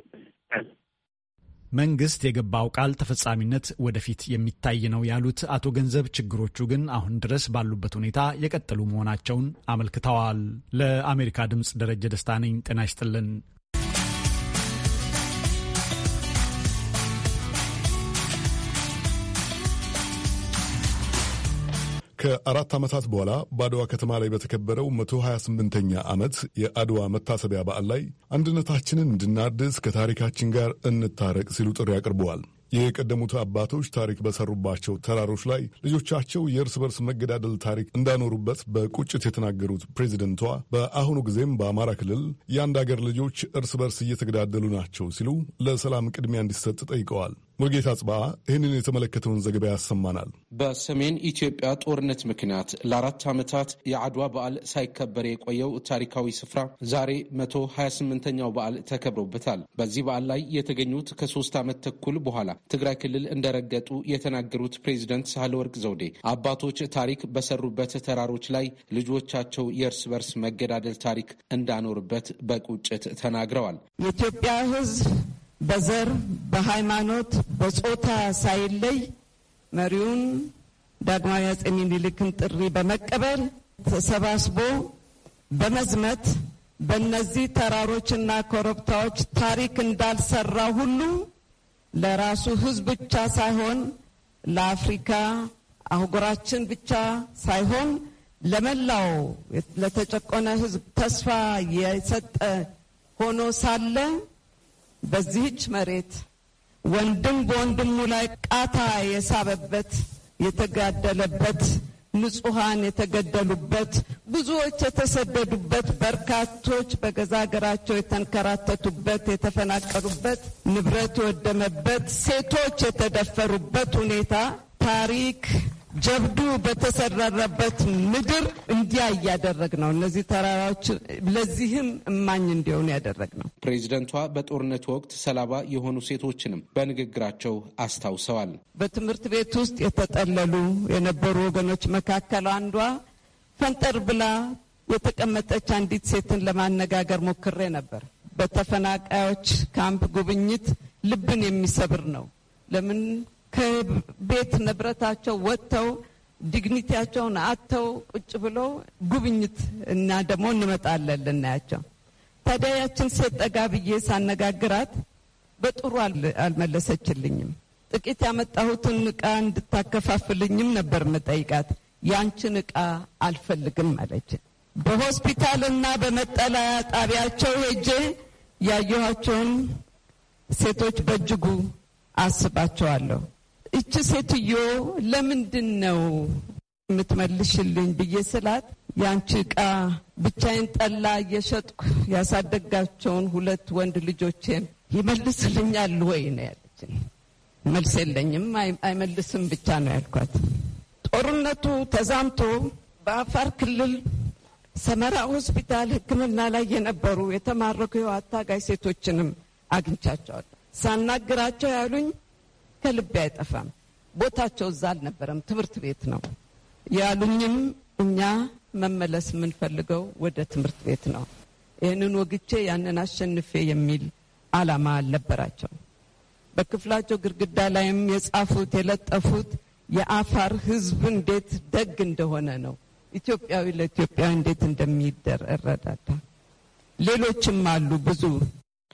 መንግስት የገባው ቃል ተፈጻሚነት ወደፊት የሚታይ ነው ያሉት አቶ ገንዘብ ችግሮቹ ግን አሁን ድረስ ባሉበት ሁኔታ የቀጠሉ መሆናቸውን አመልክተዋል። ለአሜሪካ ድምፅ ደረጀ ደስታ ነኝ። ጤና ይስጥልን። ከአራት ዓመታት በኋላ በአድዋ ከተማ ላይ በተከበረው 128ኛ ዓመት የአድዋ መታሰቢያ በዓል ላይ አንድነታችንን እንድናድስ ከታሪካችን ጋር እንታረቅ ሲሉ ጥሪ አቅርበዋል። የቀደሙት አባቶች ታሪክ በሰሩባቸው ተራሮች ላይ ልጆቻቸው የእርስ በርስ መገዳደል ታሪክ እንዳኖሩበት በቁጭት የተናገሩት ፕሬዚደንቷ በአሁኑ ጊዜም በአማራ ክልል የአንድ አገር ልጆች እርስ በርስ እየተገዳደሉ ናቸው ሲሉ ለሰላም ቅድሚያ እንዲሰጥ ጠይቀዋል። ሙልጌታ ጽባ ይህንን የተመለከተውን ዘገባ ያሰማናል። በሰሜን ኢትዮጵያ ጦርነት ምክንያት ለአራት ዓመታት የአድዋ በዓል ሳይከበር የቆየው ታሪካዊ ስፍራ ዛሬ 128ኛው በዓል ተከብሮበታል። በዚህ በዓል ላይ የተገኙት ከሶስት ዓመት ተኩል በኋላ ትግራይ ክልል እንደረገጡ የተናገሩት ፕሬዚደንት ሳህለወርቅ ዘውዴ አባቶች ታሪክ በሰሩበት ተራሮች ላይ ልጆቻቸው የእርስ በርስ መገዳደል ታሪክ እንዳኖርበት በቁጭት ተናግረዋል። የኢትዮጵያ ሕዝብ በዘር፣ በሃይማኖት፣ በጾታ ሳይለይ መሪውን ዳግማዊ አጼ ምኒልክን ጥሪ በመቀበል ተሰባስቦ በመዝመት በእነዚህ ተራሮችና ኮረብታዎች ታሪክ እንዳልሰራ ሁሉ ለራሱ ሕዝብ ብቻ ሳይሆን ለአፍሪካ አህጉራችን ብቻ ሳይሆን ለመላው ለተጨቆነ ሕዝብ ተስፋ የሰጠ ሆኖ ሳለ በዚህች መሬት ወንድም በወንድሙ ላይ ቃታ የሳበበት የተጋደለበት ንጹሐን የተገደሉበት ብዙዎች የተሰደዱበት በርካቶች በገዛ ሀገራቸው የተንከራተቱበት የተፈናቀሉበት ንብረት የወደመበት ሴቶች የተደፈሩበት ሁኔታ ታሪክ ጀብዱ በተሰረረበት ምድር እንዲያ እያደረግ ነው። እነዚህ ተራራዎች ለዚህም እማኝ እንዲሆኑ ያደረግ ነው። ፕሬዚደንቷ በጦርነት ወቅት ሰላባ የሆኑ ሴቶችንም በንግግራቸው አስታውሰዋል። በትምህርት ቤት ውስጥ የተጠለሉ የነበሩ ወገኖች መካከል አንዷ ፈንጠር ብላ የተቀመጠች አንዲት ሴትን ለማነጋገር ሞክሬ ነበር። በተፈናቃዮች ካምፕ ጉብኝት ልብን የሚሰብር ነው። ለምን ከቤት ንብረታቸው ወጥተው ዲግኒቲያቸውን አጥተው ቁጭ ብሎ ጉብኝት እና ደግሞ እንመጣለን ልናያቸው። ታዲያ ያችን ሴት ጠጋ ብዬ ሳነጋግራት በጥሩ አልመለሰችልኝም። ጥቂት ያመጣሁትን እቃ እንድታከፋፍልኝም ነበር መጠይቃት። ያንችን እቃ አልፈልግም አለች። በሆስፒታልና በመጠለያ ጣቢያቸው ሄጄ ያየኋቸውን ሴቶች በእጅጉ አስባቸዋለሁ። እች ሴትዮ ለምንድን ነው የምትመልሽልኝ ብዬ ስላት የአንቺ ዕቃ ብቻዬን ጠላ እየሸጥኩ ያሳደጋቸውን ሁለት ወንድ ልጆቼን ይመልስልኛል ወይ ነው ያለችን። መልስ የለኝም፣ አይመልስም ብቻ ነው ያልኳት። ጦርነቱ ተዛምቶ በአፋር ክልል ሰመራ ሆስፒታል ሕክምና ላይ የነበሩ የተማረኩ የህወሓት ሴቶችንም አግኝቻቸዋል። ሳናግራቸው ያሉኝ ከልቤ አይጠፋም። ቦታቸው እዛ አልነበረም፣ ትምህርት ቤት ነው ያሉኝም። እኛ መመለስ የምንፈልገው ወደ ትምህርት ቤት ነው፣ ይህንን ወግቼ ያንን አሸንፌ የሚል አላማ አልነበራቸው። በክፍላቸው ግድግዳ ላይም የጻፉት የለጠፉት የአፋር ሕዝብ እንዴት ደግ እንደሆነ ነው። ኢትዮጵያዊ ለኢትዮጵያዊ እንዴት እንደሚደር እረዳዳ። ሌሎችም አሉ ብዙ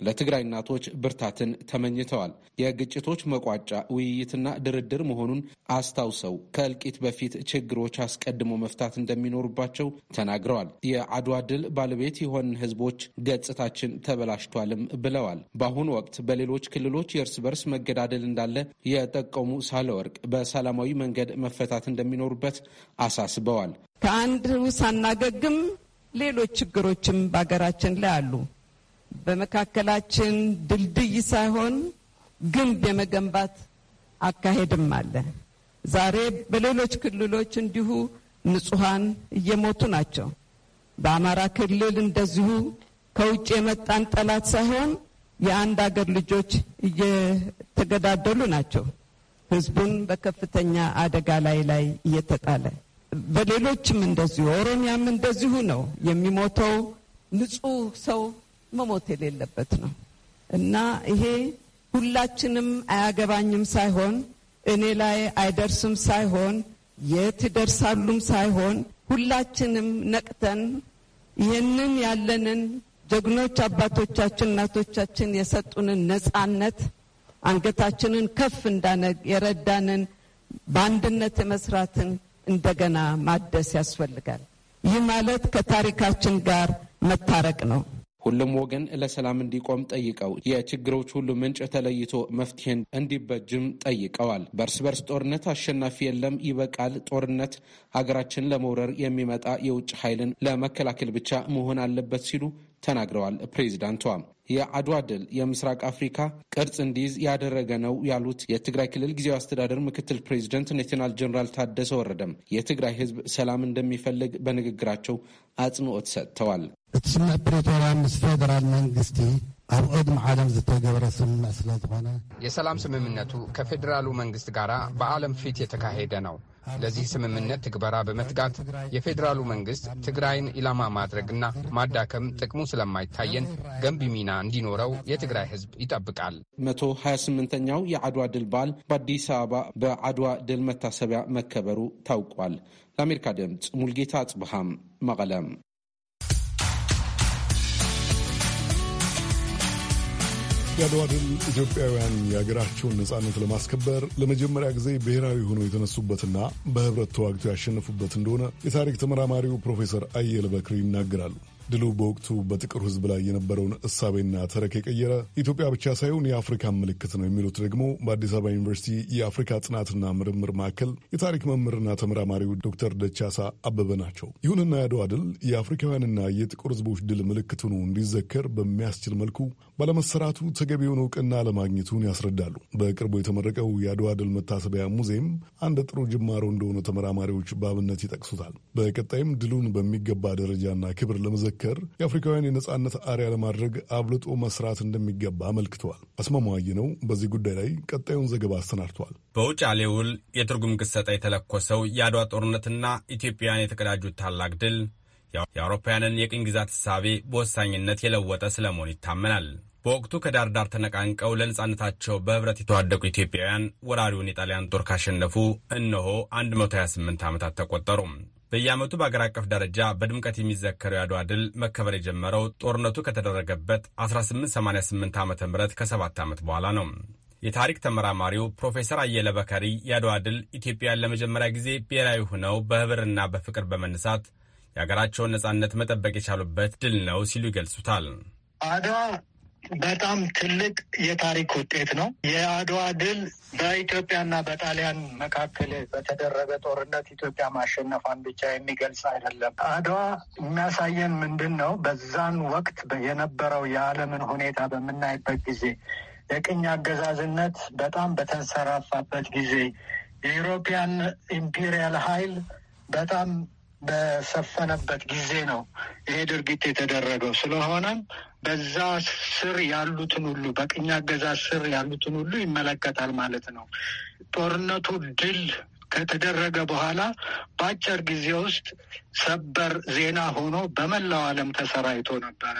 ለትግራይ እናቶች ብርታትን ተመኝተዋል። የግጭቶች መቋጫ ውይይትና ድርድር መሆኑን አስታውሰው ከእልቂት በፊት ችግሮች አስቀድሞ መፍታት እንደሚኖሩባቸው ተናግረዋል። የአድዋ ድል ባለቤት የሆንን ህዝቦች ገጽታችን ተበላሽቷልም ብለዋል። በአሁኑ ወቅት በሌሎች ክልሎች የእርስ በርስ መገዳደል እንዳለ የጠቀሙ ሳለወርቅ በሰላማዊ መንገድ መፈታት እንደሚኖሩበት አሳስበዋል። ከአንድ ሳናገግም ሌሎች ችግሮችም በሀገራችን ላይ አሉ። በመካከላችን ድልድይ ሳይሆን ግንብ የመገንባት አካሄድም አለ። ዛሬ በሌሎች ክልሎች እንዲሁ ንጹሐን እየሞቱ ናቸው። በአማራ ክልል እንደዚሁ ከውጭ የመጣን ጠላት ሳይሆን የአንድ አገር ልጆች እየተገዳደሉ ናቸው። ህዝቡን በከፍተኛ አደጋ ላይ ላይ እየተጣለ በሌሎችም እንደዚሁ ኦሮሚያም እንደዚሁ ነው የሚሞተው ንጹህ ሰው መሞት የሌለበት ነው እና ይሄ ሁላችንም አያገባኝም ሳይሆን እኔ ላይ አይደርስም ሳይሆን የት ይደርሳሉም ሳይሆን ሁላችንም ነቅተን ይህንን ያለንን ጀግኖች አባቶቻችን እናቶቻችን የሰጡንን ነጻነት አንገታችንን ከፍ እንዳነግ የረዳንን በአንድነት የመስራትን እንደገና ማደስ ያስፈልጋል። ይህ ማለት ከታሪካችን ጋር መታረቅ ነው። ሁሉም ወገን ለሰላም እንዲቆም ጠይቀው የችግሮች ሁሉ ምንጭ ተለይቶ መፍትሄን እንዲበጅም ጠይቀዋል። በእርስ በርስ ጦርነት አሸናፊ የለም፣ ይበቃል። ጦርነት ሀገራችን ለመውረር የሚመጣ የውጭ ኃይልን ለመከላከል ብቻ መሆን አለበት ሲሉ ተናግረዋል። ፕሬዚዳንቷ የአድዋ ድል የምስራቅ አፍሪካ ቅርጽ እንዲይዝ ያደረገ ነው ያሉት የትግራይ ክልል ጊዜያዊ አስተዳደር ምክትል ፕሬዚደንት ሌተናል ጀኔራል ታደሰ ወረደም የትግራይ ሕዝብ ሰላም እንደሚፈልግ በንግግራቸው አጽንኦት ሰጥተዋል። እቲ ስምዕ ፕሪቶርያ ምስ ፌደራል መንግስቲ ኣብ ቅድሚ ዓለም ዝተገብረ ስምምዕ ስለ ዝኾነ የሰላም ስምምነቱ ከፌዴራሉ መንግስት ጋር በዓለም ፊት የተካሄደ ነው። ለዚህ ስምምነት ትግበራ በመትጋት የፌዴራሉ መንግስት ትግራይን ኢላማ ማድረግና ማዳከም ጥቅሙ ስለማይታየን ገንቢ ሚና እንዲኖረው የትግራይ ህዝብ ይጠብቃል። 128ኛው የዓድዋ ድል በዓል በአዲስ አበባ በአድዋ ድል መታሰቢያ መከበሩ ታውቋል። ለአሜሪካ ድምፅ ሙልጌታ አጽብሃም መቐለም የአድዋ ድል ኢትዮጵያውያን የሀገራቸውን ነጻነት ለማስከበር ለመጀመሪያ ጊዜ ብሔራዊ ሆነው የተነሱበትና በህብረት ተዋግተው ያሸነፉበት እንደሆነ የታሪክ ተመራማሪው ፕሮፌሰር አየለ በክሪ ይናገራሉ። ድሉ በወቅቱ በጥቁር ሕዝብ ላይ የነበረውን እሳቤና ተረክ የቀየረ ኢትዮጵያ ብቻ ሳይሆን የአፍሪካን ምልክት ነው የሚሉት ደግሞ በአዲስ አበባ ዩኒቨርሲቲ የአፍሪካ ጥናትና ምርምር ማዕከል የታሪክ መምህርና ተመራማሪው ዶክተር ደቻሳ አበበ ናቸው። ይሁንና የአድዋ ድል የአፍሪካውያንና የጥቁር ሕዝቦች ድል ምልክት ሆኖ እንዲዘከር በሚያስችል መልኩ ባለመሰራቱ ተገቢውን እውቅና ለማግኘቱን ያስረዳሉ። በቅርቡ የተመረቀው የአድዋ ድል መታሰቢያ ሙዚየም አንድ ጥሩ ጅማሮ እንደሆነ ተመራማሪዎች በአብነት ይጠቅሱታል። በቀጣይም ድሉን በሚገባ ደረጃና ክብር ለመዘከር እንዲዘከር የአፍሪካውያን የነጻነት አርያ ለማድረግ አብልጦ መስራት እንደሚገባ አመልክተዋል። አስማማዋይ ነው በዚህ ጉዳይ ላይ ቀጣዩን ዘገባ አሰናድቷል። በውጫሌ ውል የትርጉም ግሰጣ የተለኮሰው የአድዋ ጦርነትና ኢትዮጵያን የተቀዳጁት ታላቅ ድል የአውሮፓውያንን የቅኝ ግዛት እሳቤ በወሳኝነት የለወጠ ስለመሆን ይታመናል። በወቅቱ ከዳር ዳር ተነቃንቀው ለነጻነታቸው በህብረት የተዋደቁ ኢትዮጵያውያን ወራሪውን የጣሊያን ጦር ካሸነፉ እነሆ 128 ዓመታት ተቆጠሩም። በየዓመቱ በአገር አቀፍ ደረጃ በድምቀት የሚዘከረው የአድዋ ድል መከበር የጀመረው ጦርነቱ ከተደረገበት 1888 ዓ ም ከሰባት ዓመት በኋላ ነው። የታሪክ ተመራማሪው ፕሮፌሰር አየለ በከሪ የአድዋ ድል ኢትዮጵያን ለመጀመሪያ ጊዜ ብሔራዊ ሆነው በህብርና በፍቅር በመነሳት የአገራቸውን ነጻነት መጠበቅ የቻሉበት ድል ነው ሲሉ ይገልጹታል። አድዋ በጣም ትልቅ የታሪክ ውጤት ነው። የአድዋ ድል በኢትዮጵያና በጣሊያን መካከል በተደረገ ጦርነት ኢትዮጵያ ማሸነፏን ብቻ የሚገልጽ አይደለም። አድዋ የሚያሳየን ምንድን ነው? በዛን ወቅት የነበረው የዓለምን ሁኔታ በምናይበት ጊዜ የቅኝ አገዛዝነት በጣም በተንሰራፋበት ጊዜ የኢሮፒያን ኢምፔሪያል ኃይል በጣም በሰፈነበት ጊዜ ነው ይሄ ድርጊት የተደረገው። ስለሆነም በዛ ስር ያሉትን ሁሉ በቅኝ አገዛዝ ስር ያሉትን ሁሉ ይመለከታል ማለት ነው። ጦርነቱ ድል ከተደረገ በኋላ በአጭር ጊዜ ውስጥ ሰበር ዜና ሆኖ በመላው ዓለም ተሰራይቶ ነበረ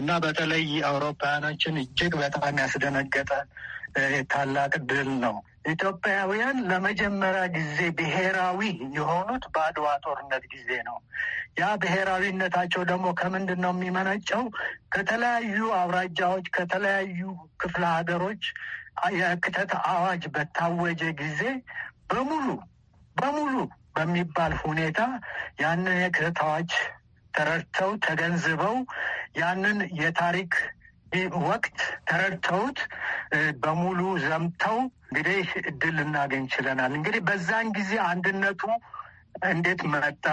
እና በተለይ አውሮፓውያኖችን እጅግ በጣም ያስደነገጠ ታላቅ ድል ነው። ኢትዮጵያውያን ለመጀመሪያ ጊዜ ብሔራዊ የሆኑት በአድዋ ጦርነት ጊዜ ነው። ያ ብሔራዊነታቸው ደግሞ ከምንድን ነው የሚመነጨው? ከተለያዩ አውራጃዎች፣ ከተለያዩ ክፍለ ሀገሮች የክተት አዋጅ በታወጀ ጊዜ በሙሉ በሙሉ በሚባል ሁኔታ ያንን የክተት አዋጅ ተረድተው ተገንዝበው ያንን የታሪክ ወቅት ተረድተውት በሙሉ ዘምተው እንግዲህ እድል ልናገኝ ችለናል። እንግዲህ በዛን ጊዜ አንድነቱ እንዴት መጣ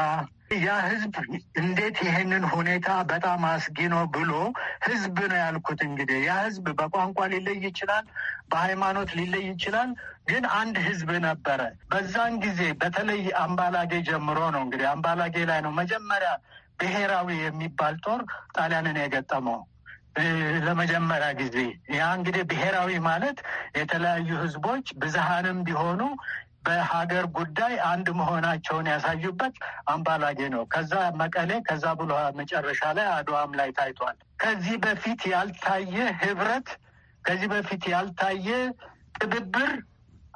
ያ ህዝብ እንዴት ይህንን ሁኔታ በጣም አስጊ ነው ብሎ ህዝብ ነው ያልኩት። እንግዲህ ያ ህዝብ በቋንቋ ሊለይ ይችላል፣ በሃይማኖት ሊለይ ይችላል፣ ግን አንድ ህዝብ ነበረ። በዛን ጊዜ በተለይ አምባላጌ ጀምሮ ነው እንግዲህ አምባላጌ ላይ ነው መጀመሪያ ብሔራዊ የሚባል ጦር ጣሊያንን የገጠመው ለመጀመሪያ ጊዜ ያ እንግዲህ ብሔራዊ ማለት የተለያዩ ህዝቦች ብዝሃንም ቢሆኑ በሀገር ጉዳይ አንድ መሆናቸውን ያሳዩበት አምባላጌ ነው። ከዛ መቀሌ፣ ከዛ ብሎ መጨረሻ ላይ አድዋም ላይ ታይቷል። ከዚህ በፊት ያልታየ ህብረት፣ ከዚህ በፊት ያልታየ ትብብር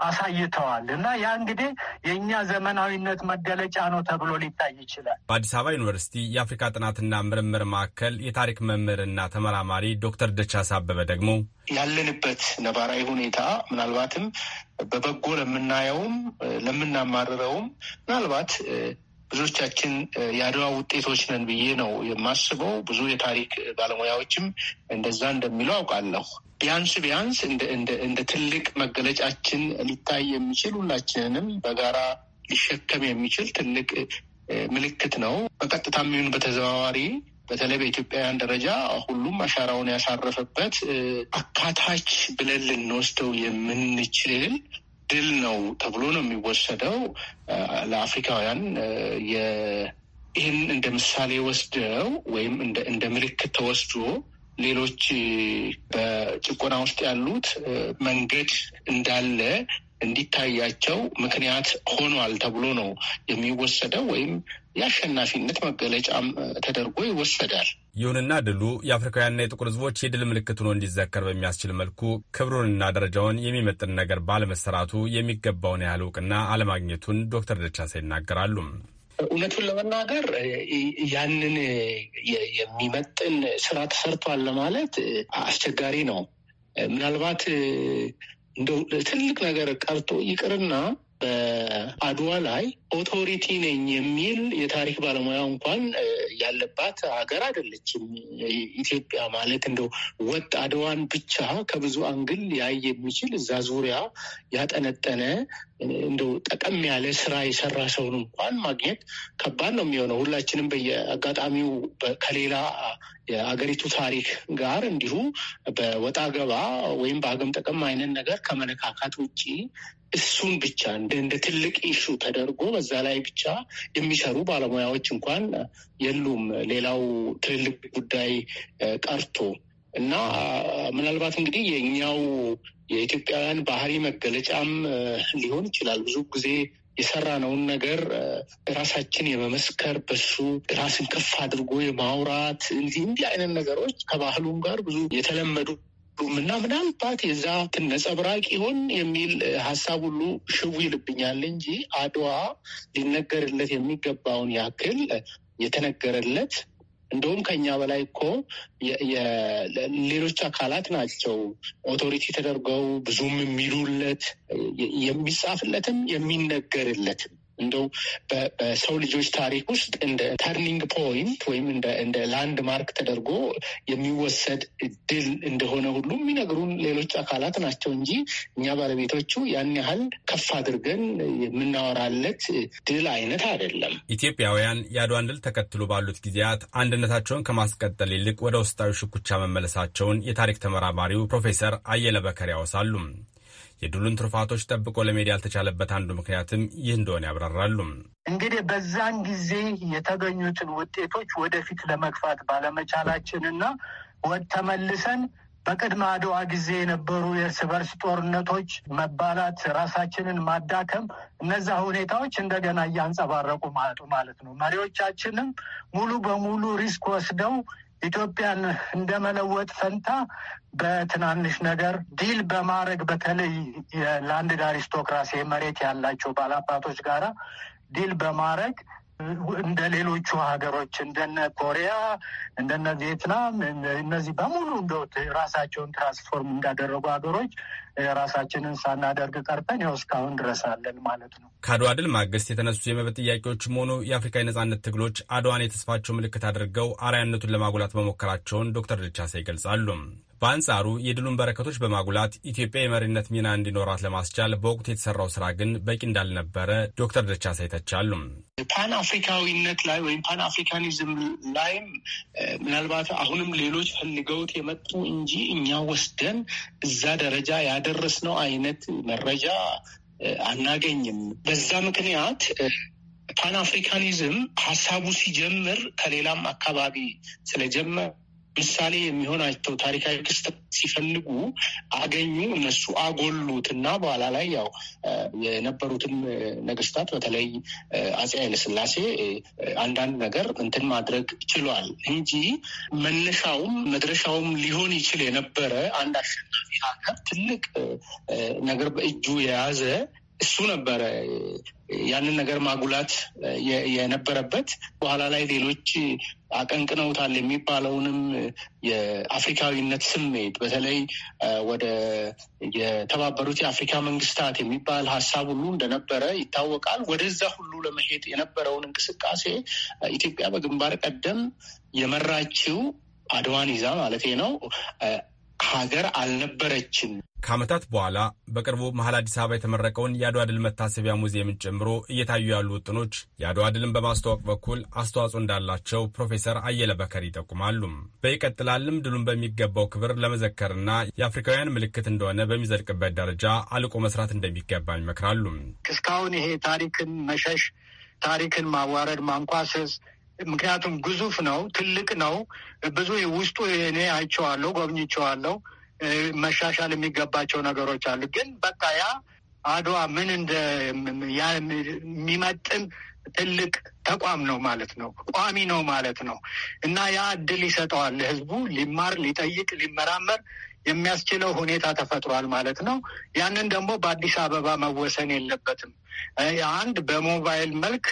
አሳይተዋል እና ያ እንግዲህ የእኛ ዘመናዊነት መገለጫ ነው ተብሎ ሊታይ ይችላል። በአዲስ አበባ ዩኒቨርሲቲ የአፍሪካ ጥናትና ምርምር ማዕከል የታሪክ መምህርና ተመራማሪ ዶክተር ደቻሳ አበበ ደግሞ ያለንበት ነባራዊ ሁኔታ ምናልባትም በበጎ ለምናየውም ለምናማርረውም ምናልባት ብዙዎቻችን የአድዋ ውጤቶች ነን ብዬ ነው የማስበው። ብዙ የታሪክ ባለሙያዎችም እንደዛ እንደሚለው አውቃለሁ። ቢያንስ ቢያንስ እንደ ትልቅ መገለጫችን ሊታይ የሚችል ሁላችንንም በጋራ ሊሸከም የሚችል ትልቅ ምልክት ነው። በቀጥታ የሚሆን በተዘዋዋሪ በተለይ በኢትዮጵያውያን ደረጃ ሁሉም አሻራውን ያሳረፈበት አካታች ብለን ልንወስደው የምንችል ድል ነው ተብሎ ነው የሚወሰደው። ለአፍሪካውያን ይህን እንደ ምሳሌ ወስደው ወይም እንደ ምልክት ተወስዶ ሌሎች በጭቆና ውስጥ ያሉት መንገድ እንዳለ እንዲታያቸው ምክንያት ሆኗል ተብሎ ነው የሚወሰደው ወይም የአሸናፊነት መገለጫም ተደርጎ ይወሰዳል። ይሁንና ድሉ የአፍሪካውያንና የጥቁር ሕዝቦች የድል ምልክት ሆኖ እንዲዘከር በሚያስችል መልኩ ክብሩንና ደረጃውን የሚመጥን ነገር ባለመሰራቱ የሚገባውን ያህል እውቅና አለማግኘቱን ዶክተር ደቻሳ ይናገራሉ። እውነቱን ለመናገር ያንን የሚመጥን ስራ ተሰርቷል ለማለት አስቸጋሪ ነው። ምናልባት እንደው ትልቅ ነገር ቀርቶ ይቅርና በአድዋ ላይ ኦቶሪቲ ነኝ የሚል የታሪክ ባለሙያ እንኳን ያለባት ሀገር አይደለችም ኢትዮጵያ። ማለት እንደው ወጥ አድዋን ብቻ ከብዙ አንግል ያይ የሚችል እዛ ዙሪያ ያጠነጠነ እንደ ጠቀም ያለ ስራ የሰራ ሰውን እንኳን ማግኘት ከባድ ነው የሚሆነው። ሁላችንም በየአጋጣሚው ከሌላ የአገሪቱ ታሪክ ጋር እንዲሁ በወጣ ገባ ወይም በአገም ጠቀም አይነት ነገር ከመነካካት ውጭ እሱን ብቻ እንደ ትልቅ ኢሹ ተደርጎ በዛ ላይ ብቻ የሚሰሩ ባለሙያዎች እንኳን የሉም። ሌላው ትልልቅ ጉዳይ ቀርቶ እና ምናልባት እንግዲህ የእኛው የኢትዮጵያውያን ባህሪ መገለጫም ሊሆን ይችላል። ብዙ ጊዜ የሰራነውን ነገር ራሳችን የመመስከር በሱ ራስን ከፍ አድርጎ የማውራት እንዲህ እንዲህ አይነት ነገሮች ከባህሉም ጋር ብዙ የተለመዱ እና ምናልባት የዛ ነጸብራቅ ይሆን የሚል ሀሳብ ሁሉ ሽው ይልብኛል እንጂ አድዋ ሊነገርለት የሚገባውን ያክል የተነገረለት እንደውም ከኛ በላይ እኮ ሌሎች አካላት ናቸው ኦቶሪቲ ተደርገው ብዙም የሚሉለት የሚጻፍለትም የሚነገርለትም እንደው በሰው ልጆች ታሪክ ውስጥ እንደ ተርኒንግ ፖይንት ወይም እንደ ላንድ ማርክ ተደርጎ የሚወሰድ ድል እንደሆነ ሁሉ የሚነግሩን ሌሎች አካላት ናቸው እንጂ እኛ ባለቤቶቹ ያን ያህል ከፍ አድርገን የምናወራለት ድል አይነት አይደለም። ኢትዮጵያውያን የአድዋን ድል ተከትሎ ባሉት ጊዜያት አንድነታቸውን ከማስቀጠል ይልቅ ወደ ውስጣዊ ሽኩቻ መመለሳቸውን የታሪክ ተመራማሪው ፕሮፌሰር አየለ በከር ያወሳሉ። የድሉን ትሩፋቶች ጠብቆ ለመሄድ ያልተቻለበት አንዱ ምክንያትም ይህ እንደሆነ ያብራራሉ። እንግዲህ በዛን ጊዜ የተገኙትን ውጤቶች ወደፊት ለመግፋት ባለመቻላችንና ወድ ተመልሰን በቅድመ አድዋ ጊዜ የነበሩ የእርስ በርስ ጦርነቶች፣ መባላት፣ ራሳችንን ማዳከም እነዛ ሁኔታዎች እንደገና እያንጸባረቁ ማለት ነው። መሪዎቻችንም ሙሉ በሙሉ ሪስክ ወስደው ኢትዮጵያን እንደመለወጥ ፈንታ በትናንሽ ነገር ዲል በማድረግ በተለይ የላንድ አሪስቶክራሲ መሬት ያላቸው ባላባቶች ጋራ ዲል በማድረግ እንደ ሌሎቹ ሀገሮች እንደነ ኮሪያ እንደነ ቪየትናም እነዚህ በሙሉ እንደ ራሳቸውን ትራንስፎርም እንዳደረጉ ሀገሮች ራሳችንን ሳናደርግ ቀርተን ይኸው እስካሁን ድረስ አለን ማለት ነው። ከአድዋ ድል ማግስት የተነሱ የመብት ጥያቄዎችም ሆኑ የአፍሪካ የነጻነት ትግሎች አድዋን የተስፋቸው ምልክት አድርገው አርአያነቱን ለማጉላት መሞከራቸውን ዶክተር ደቻሳ ይገልጻሉ። በአንጻሩ የድሉን በረከቶች በማጉላት ኢትዮጵያ የመሪነት ሚና እንዲኖራት ለማስቻል በወቅቱ የተሰራው ስራ ግን በቂ እንዳልነበረ ዶክተር ደቻሳ ይተቻሉ። ፓን አፍሪካዊነት ላይ ወይም ፓን አፍሪካኒዝም ላይም ምናልባት አሁንም ሌሎች ፈልገውት የመጡ እንጂ እኛ ወስደን እዛ ደረጃ ያደረስነው አይነት መረጃ አናገኝም። በዛ ምክንያት ፓን አፍሪካኒዝም ሀሳቡ ሲጀምር ከሌላም አካባቢ ስለጀመር ምሳሌ የሚሆናቸው ታሪካዊ ክስተት ሲፈልጉ አገኙ። እነሱ አጎሉትና በኋላ ላይ ያው የነበሩትን ነገስታት በተለይ አፄ ኃይለስላሴ አንዳንድ ነገር እንትን ማድረግ ችሏል እንጂ መነሻውም መድረሻውም ሊሆን ይችል የነበረ አንድ አሸናፊ ሀገር ትልቅ ነገር በእጁ የያዘ እሱ ነበረ ያንን ነገር ማጉላት የነበረበት። በኋላ ላይ ሌሎች አቀንቅነውታል የሚባለውንም የአፍሪካዊነት ስሜት በተለይ ወደ የተባበሩት የአፍሪካ መንግስታት የሚባል ሀሳብ ሁሉ እንደነበረ ይታወቃል። ወደዛ ሁሉ ለመሄድ የነበረውን እንቅስቃሴ ኢትዮጵያ በግንባር ቀደም የመራችው አድዋን ይዛ ማለት ነው ሀገር አልነበረችም። ከዓመታት በኋላ በቅርቡ መሀል አዲስ አበባ የተመረቀውን የአድዋ ድል መታሰቢያ ሙዚየምን ጨምሮ እየታዩ ያሉ ውጥኖች የአድዋ ድልን በማስተዋወቅ በኩል አስተዋጽኦ እንዳላቸው ፕሮፌሰር አየለ በከር ይጠቁማሉ። በይቀጥላልም ድሉን በሚገባው ክብር ለመዘከርና የአፍሪካውያን ምልክት እንደሆነ በሚዘልቅበት ደረጃ አልቆ መስራት እንደሚገባ ይመክራሉ። እስካሁን ይሄ ታሪክን መሸሽ፣ ታሪክን ማዋረድ፣ ማንኳሰስ ምክንያቱም ግዙፍ ነው፣ ትልቅ ነው። ብዙ ውስጡ እኔ አይቼዋለሁ፣ ጎብኝቼዋለሁ። መሻሻል የሚገባቸው ነገሮች አሉ። ግን በቃ ያ አድዋ ምን እንደ የሚመጥን ትልቅ ተቋም ነው ማለት ነው። ቋሚ ነው ማለት ነው። እና ያ እድል ይሰጠዋል ለህዝቡ ሊማር፣ ሊጠይቅ፣ ሊመራመር የሚያስችለው ሁኔታ ተፈጥሯል ማለት ነው። ያንን ደግሞ በአዲስ አበባ መወሰን የለበትም። አንድ በሞባይል መልክ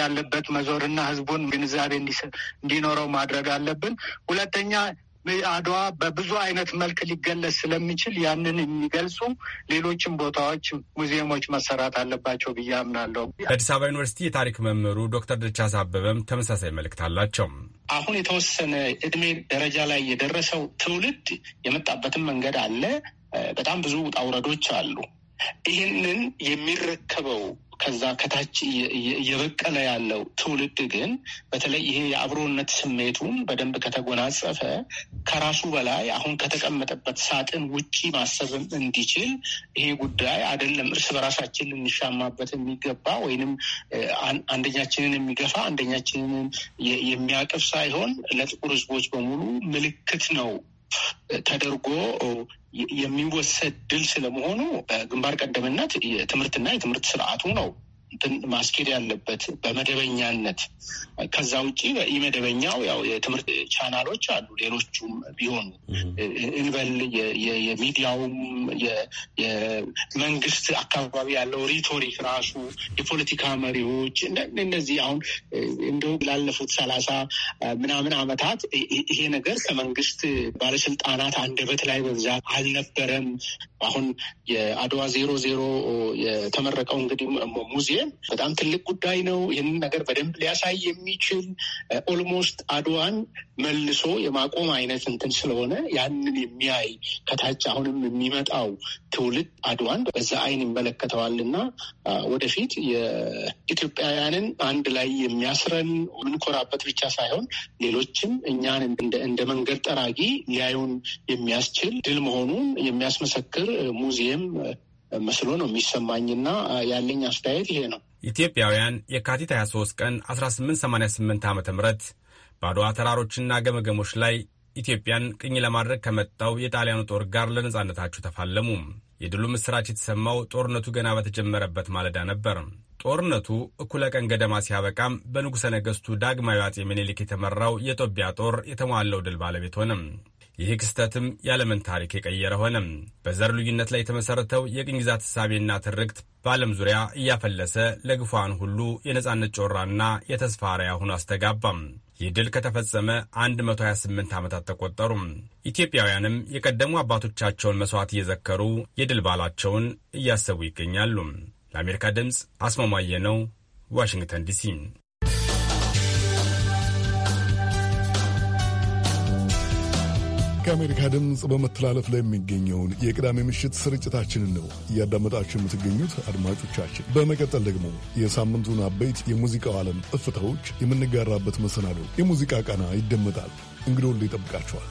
ያለበት መዞርና ህዝቡን ግንዛቤ እንዲኖረው ማድረግ አለብን። ሁለተኛ አድዋ በብዙ አይነት መልክ ሊገለጽ ስለሚችል ያንን የሚገልጹ ሌሎችም ቦታዎች፣ ሙዚየሞች መሰራት አለባቸው ብዬ አምናለሁ። አዲስ አበባ ዩኒቨርሲቲ የታሪክ መምህሩ ዶክተር ደቻስ አበበም ተመሳሳይ መልእክት አላቸው። አሁን የተወሰነ እድሜ ደረጃ ላይ የደረሰው ትውልድ የመጣበትን መንገድ አለ። በጣም ብዙ ውጣ ውረዶች አሉ። ይህንን የሚረከበው ከዛ ከታች እየበቀለ ያለው ትውልድ ግን በተለይ ይሄ የአብሮነት ስሜቱን በደንብ ከተጎናጸፈ ከራሱ በላይ አሁን ከተቀመጠበት ሳጥን ውጪ ማሰብም እንዲችል ይሄ ጉዳይ አይደለም እርስ በራሳችን ልንሻማበት የሚገባ ወይንም አንደኛችንን የሚገፋ አንደኛችንን የሚያቅፍ ሳይሆን ለጥቁር ሕዝቦች በሙሉ ምልክት ነው ተደርጎ የሚወሰድ ድል ስለመሆኑ በግንባር ቀደምትነት የትምህርትና የትምህርት ስርዓቱ ነው ማስኬድ ያለበት በመደበኛነት። ከዛ ውጭ የመደበኛው ያው የትምህርት ቻናሎች አሉ፣ ሌሎቹም ቢሆኑ እንበል የሚዲያውም የመንግስት አካባቢ ያለው ሪቶሪክ ራሱ የፖለቲካ መሪዎች እነዚህ አሁን እንደው ላለፉት ሰላሳ ምናምን አመታት ይሄ ነገር ከመንግስት ባለስልጣናት አንደበት ላይ በብዛት አልነበረም። አሁን የአድዋ ዜሮ ዜሮ የተመረቀው እንግዲህ ሙዚየም ግን በጣም ትልቅ ጉዳይ ነው። ይህንን ነገር በደንብ ሊያሳይ የሚችል ኦልሞስት አድዋን መልሶ የማቆም አይነት እንትን ስለሆነ ያንን የሚያይ ከታች አሁንም የሚመጣው ትውልድ አድዋን በዛ አይን ይመለከተዋል እና ወደፊት የኢትዮጵያውያንን አንድ ላይ የሚያስረን የምንኮራበት ብቻ ሳይሆን ሌሎችም እኛን እንደ መንገድ ጠራጊ ሊያዩን የሚያስችል ድል መሆኑን የሚያስመሰክር ሙዚየም መስሎ ነው የሚሰማኝና ያለኝ አስተያየት ይሄ ነው። ኢትዮጵያውያን የካቲት 23 ቀን 1888 ዓ ም በአድዋ ተራሮችና ገመገሞች ላይ ኢትዮጵያን ቅኝ ለማድረግ ከመጣው የጣሊያኑ ጦር ጋር ለነጻነታቸው ተፋለሙ። የድሉ ምስራች የተሰማው ጦርነቱ ገና በተጀመረበት ማለዳ ነበር። ጦርነቱ እኩለ ቀን ገደማ ሲያበቃም በንጉሠ ነገሥቱ ዳግማዊ አጼ ምኒልክ የተመራው የጦቢያ ጦር የተሟላው ድል ባለቤት ሆነም። ይህ ክስተትም የዓለምን ታሪክ የቀየረ ሆነም። በዘር ልዩነት ላይ የተመሠረተው የቅኝ ግዛት ሳቤና ትርክት በዓለም ዙሪያ እያፈለሰ ለግፏን ሁሉ የነጻነት ጮራና የተስፋ አርያ ሆኖ አስተጋባም። ይህ ድል ከተፈጸመ 128 ዓመታት ተቆጠሩም። ኢትዮጵያውያንም የቀደሙ አባቶቻቸውን መሥዋዕት እየዘከሩ የድል በዓላቸውን እያሰቡ ይገኛሉ። ለአሜሪካ ድምፅ አስማማየ ነው፣ ዋሽንግተን ዲሲ ከአሜሪካ ድምፅ በመተላለፍ ላይ የሚገኘውን የቅዳሜ ምሽት ስርጭታችንን ነው እያዳመጣችሁ የምትገኙት አድማጮቻችን። በመቀጠል ደግሞ የሳምንቱን አበይት የሙዚቃው ዓለም እፍታዎች የምንጋራበት መሰናዶ የሙዚቃ ቃና ይደመጣል። እንግዲህ ሁሉ ይጠብቃችኋል።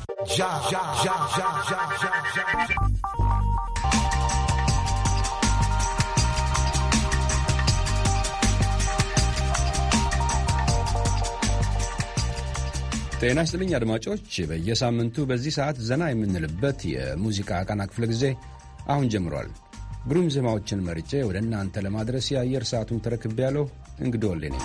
ጤና ይስጥልኝ አድማጮች። በየሳምንቱ በዚህ ሰዓት ዘና የምንልበት የሙዚቃ ቃና ክፍለ ጊዜ አሁን ጀምሯል። ግሩም ዜማዎችን መርጬ ወደ እናንተ ለማድረስ የአየር ሰዓቱን ተረክቤ ያለው እንግዶ ወሌ ነኝ።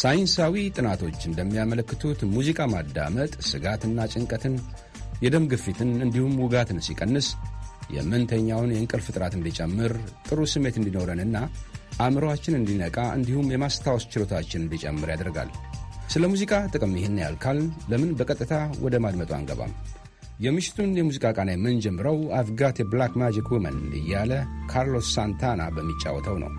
ሳይንሳዊ ጥናቶች እንደሚያመለክቱት ሙዚቃ ማዳመጥ ስጋትና ጭንቀትን፣ የደም ግፊትን እንዲሁም ውጋትን ሲቀንስ የምንተኛውን የእንቅልፍ ጥራት እንዲጨምር ጥሩ ስሜት እንዲኖረንና አእምሮአችን እንዲነቃ እንዲሁም የማስታወስ ችሎታችን እንዲጨምር ያደርጋል። ስለ ሙዚቃ ጥቅም ይህን ያልካል፣ ለምን በቀጥታ ወደ ማድመጡ አንገባም? የምሽቱን የሙዚቃ ቃና የምንጀምረው አፍጋት የብላክ ማጂክ ውመን እያለ ካርሎስ ሳንታና በሚጫወተው ነው።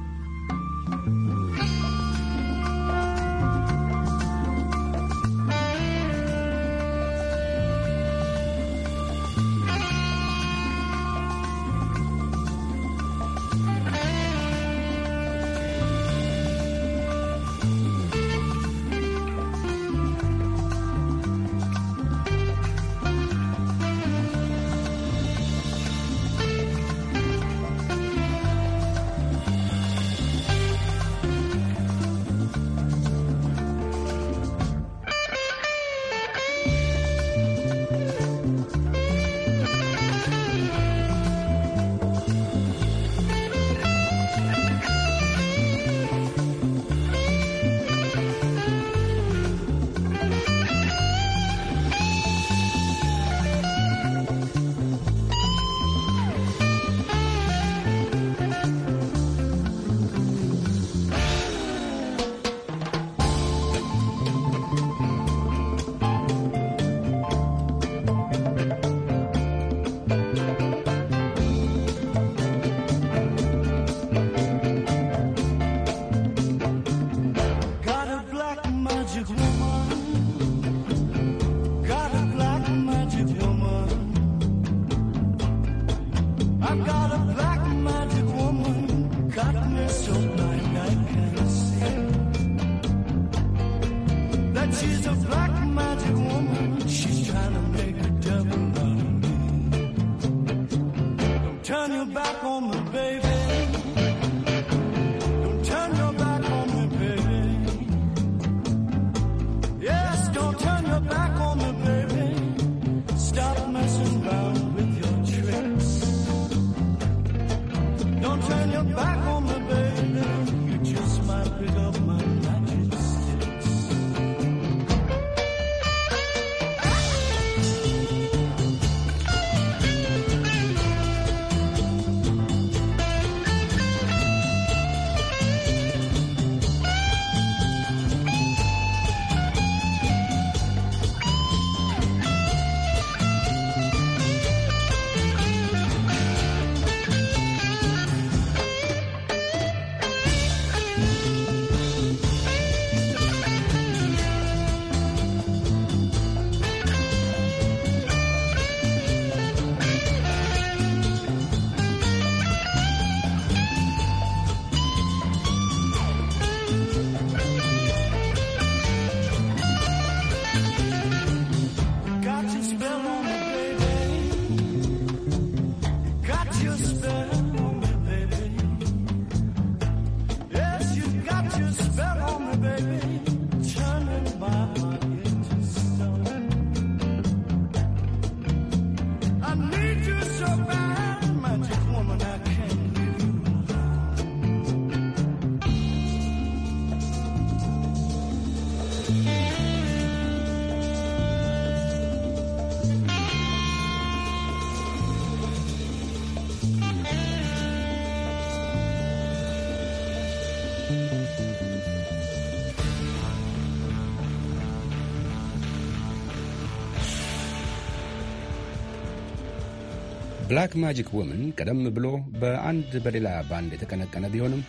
ብላክ ማጂክ ውምን ቀደም ብሎ በአንድ በሌላ ባንድ የተቀነቀነ ቢሆንም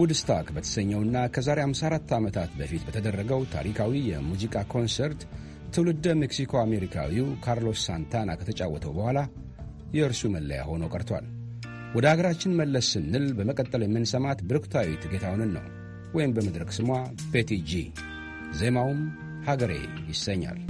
ውድስታክ በተሰኘውና ከዛሬ 54 ዓመታት በፊት በተደረገው ታሪካዊ የሙዚቃ ኮንሰርት ትውልደ ሜክሲኮ አሜሪካዊው ካርሎስ ሳንታና ከተጫወተው በኋላ የእርሱ መለያ ሆኖ ቀርቷል። ወደ አገራችን መለስ ስንል በመቀጠል የምንሰማት ብርክታዊት ጌታሁንን ነው፣ ወይም በመድረክ ስሟ ቤቲ ጂ። ዜማውም ሀገሬ ይሰኛል።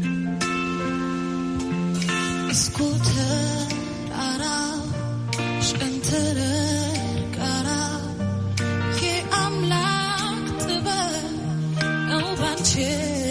Yeah.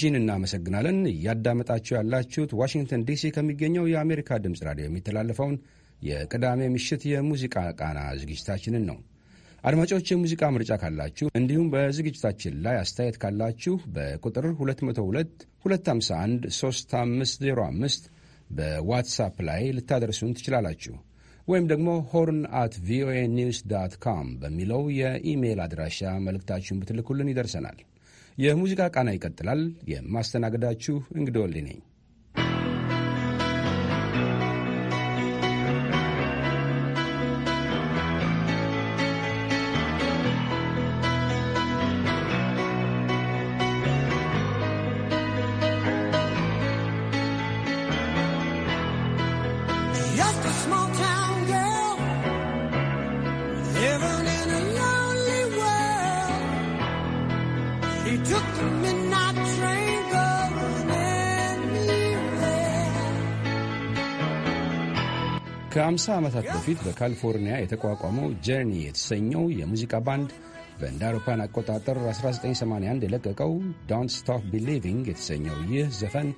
ጂን እናመሰግናለን። እያዳመጣችሁ ያላችሁት ዋሽንግተን ዲሲ ከሚገኘው የአሜሪካ ድምፅ ራዲዮ የሚተላለፈውን የቅዳሜ ምሽት የሙዚቃ ቃና ዝግጅታችንን ነው። አድማጮች የሙዚቃ ምርጫ ካላችሁ እንዲሁም በዝግጅታችን ላይ አስተያየት ካላችሁ በቁጥር 2022513505 በዋትሳፕ ላይ ልታደርሱን ትችላላችሁ። ወይም ደግሞ ሆርን አት ቪኦኤ ኒውስ ዳት ካም በሚለው የኢሜይል አድራሻ መልእክታችሁን ብትልኩልን ይደርሰናል። የሙዚቃ ቃና ይቀጥላል። የማስተናገዳችሁ እንግዳ ወልዴ ነኝ። ከ ከአምሳ ዓመታት በፊት በካሊፎርኒያ የተቋቋመው ጀርኒ የተሰኘው የሙዚቃ ባንድ በእንደ አውሮፓን አቆጣጠር 1981 የለቀቀው ዶንት ስቶፕ ቢሊቪንግ የተሰኘው ይህ ዘፈን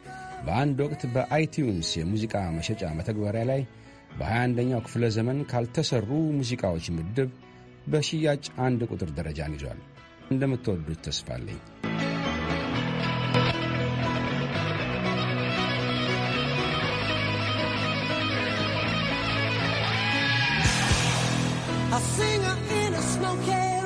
በአንድ ወቅት በአይቲዩንስ የሙዚቃ መሸጫ መተግበሪያ ላይ በ21ኛው ክፍለ ዘመን ካልተሰሩ ሙዚቃዎች ምድብ በሽያጭ አንድ ቁጥር ደረጃን ይዟል። እንደምትወዱት ተስፋለኝ። a singer in a smoky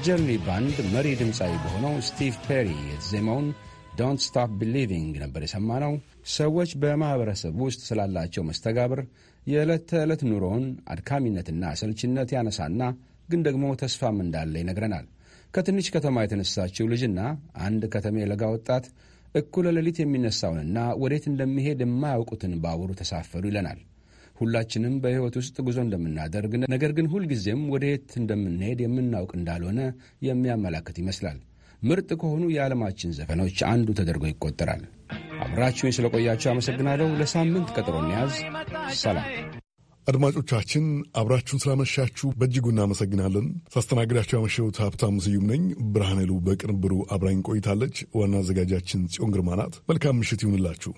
የጀርሊ ባንድ መሪ ድምፃዊ በሆነው ስቲቭ ፔሪ የተዜመውን ዶንት ስታፕ ቢሊቪንግ ነበር ነው። ሰዎች በማኅበረሰብ ውስጥ ስላላቸው መስተጋብር የዕለት ተዕለት ኑሮውን አድካሚነትና ሰልችነት ያነሳና ግን ደግሞ ተስፋም እንዳለ ይነግረናል። ከትንሽ ከተማ የተነሳችው ልጅና አንድ ከተሜ ለጋ ወጣት እኩለ ሌሊት የሚነሳውንና ወዴት እንደሚሄድ የማያውቁትን ባቡሩ ተሳፈሩ ይለናል። ሁላችንም በሕይወት ውስጥ ጉዞ እንደምናደርግ ነገር ግን ሁልጊዜም ወደ የት እንደምንሄድ የምናውቅ እንዳልሆነ የሚያመላክት ይመስላል። ምርጥ ከሆኑ የዓለማችን ዘፈኖች አንዱ ተደርጎ ይቆጠራል። አብራችሁኝ ስለቆያቸው አመሰግናለሁ። ለሳምንት ቀጠሮ እንያዝ። ሰላም አድማጮቻችን፣ አብራችሁን ስላመሻችሁ በእጅጉ እናመሰግናለን። ሳስተናግዳችሁ ያመሸሁት ሀብታሙ ስዩም ነኝ። ብርሃን ሉ በቅንብሩ አብራኝ ቆይታለች። ዋና አዘጋጃችን ጽዮን ግርማ ናት። መልካም ምሽት ይሁንላችሁ።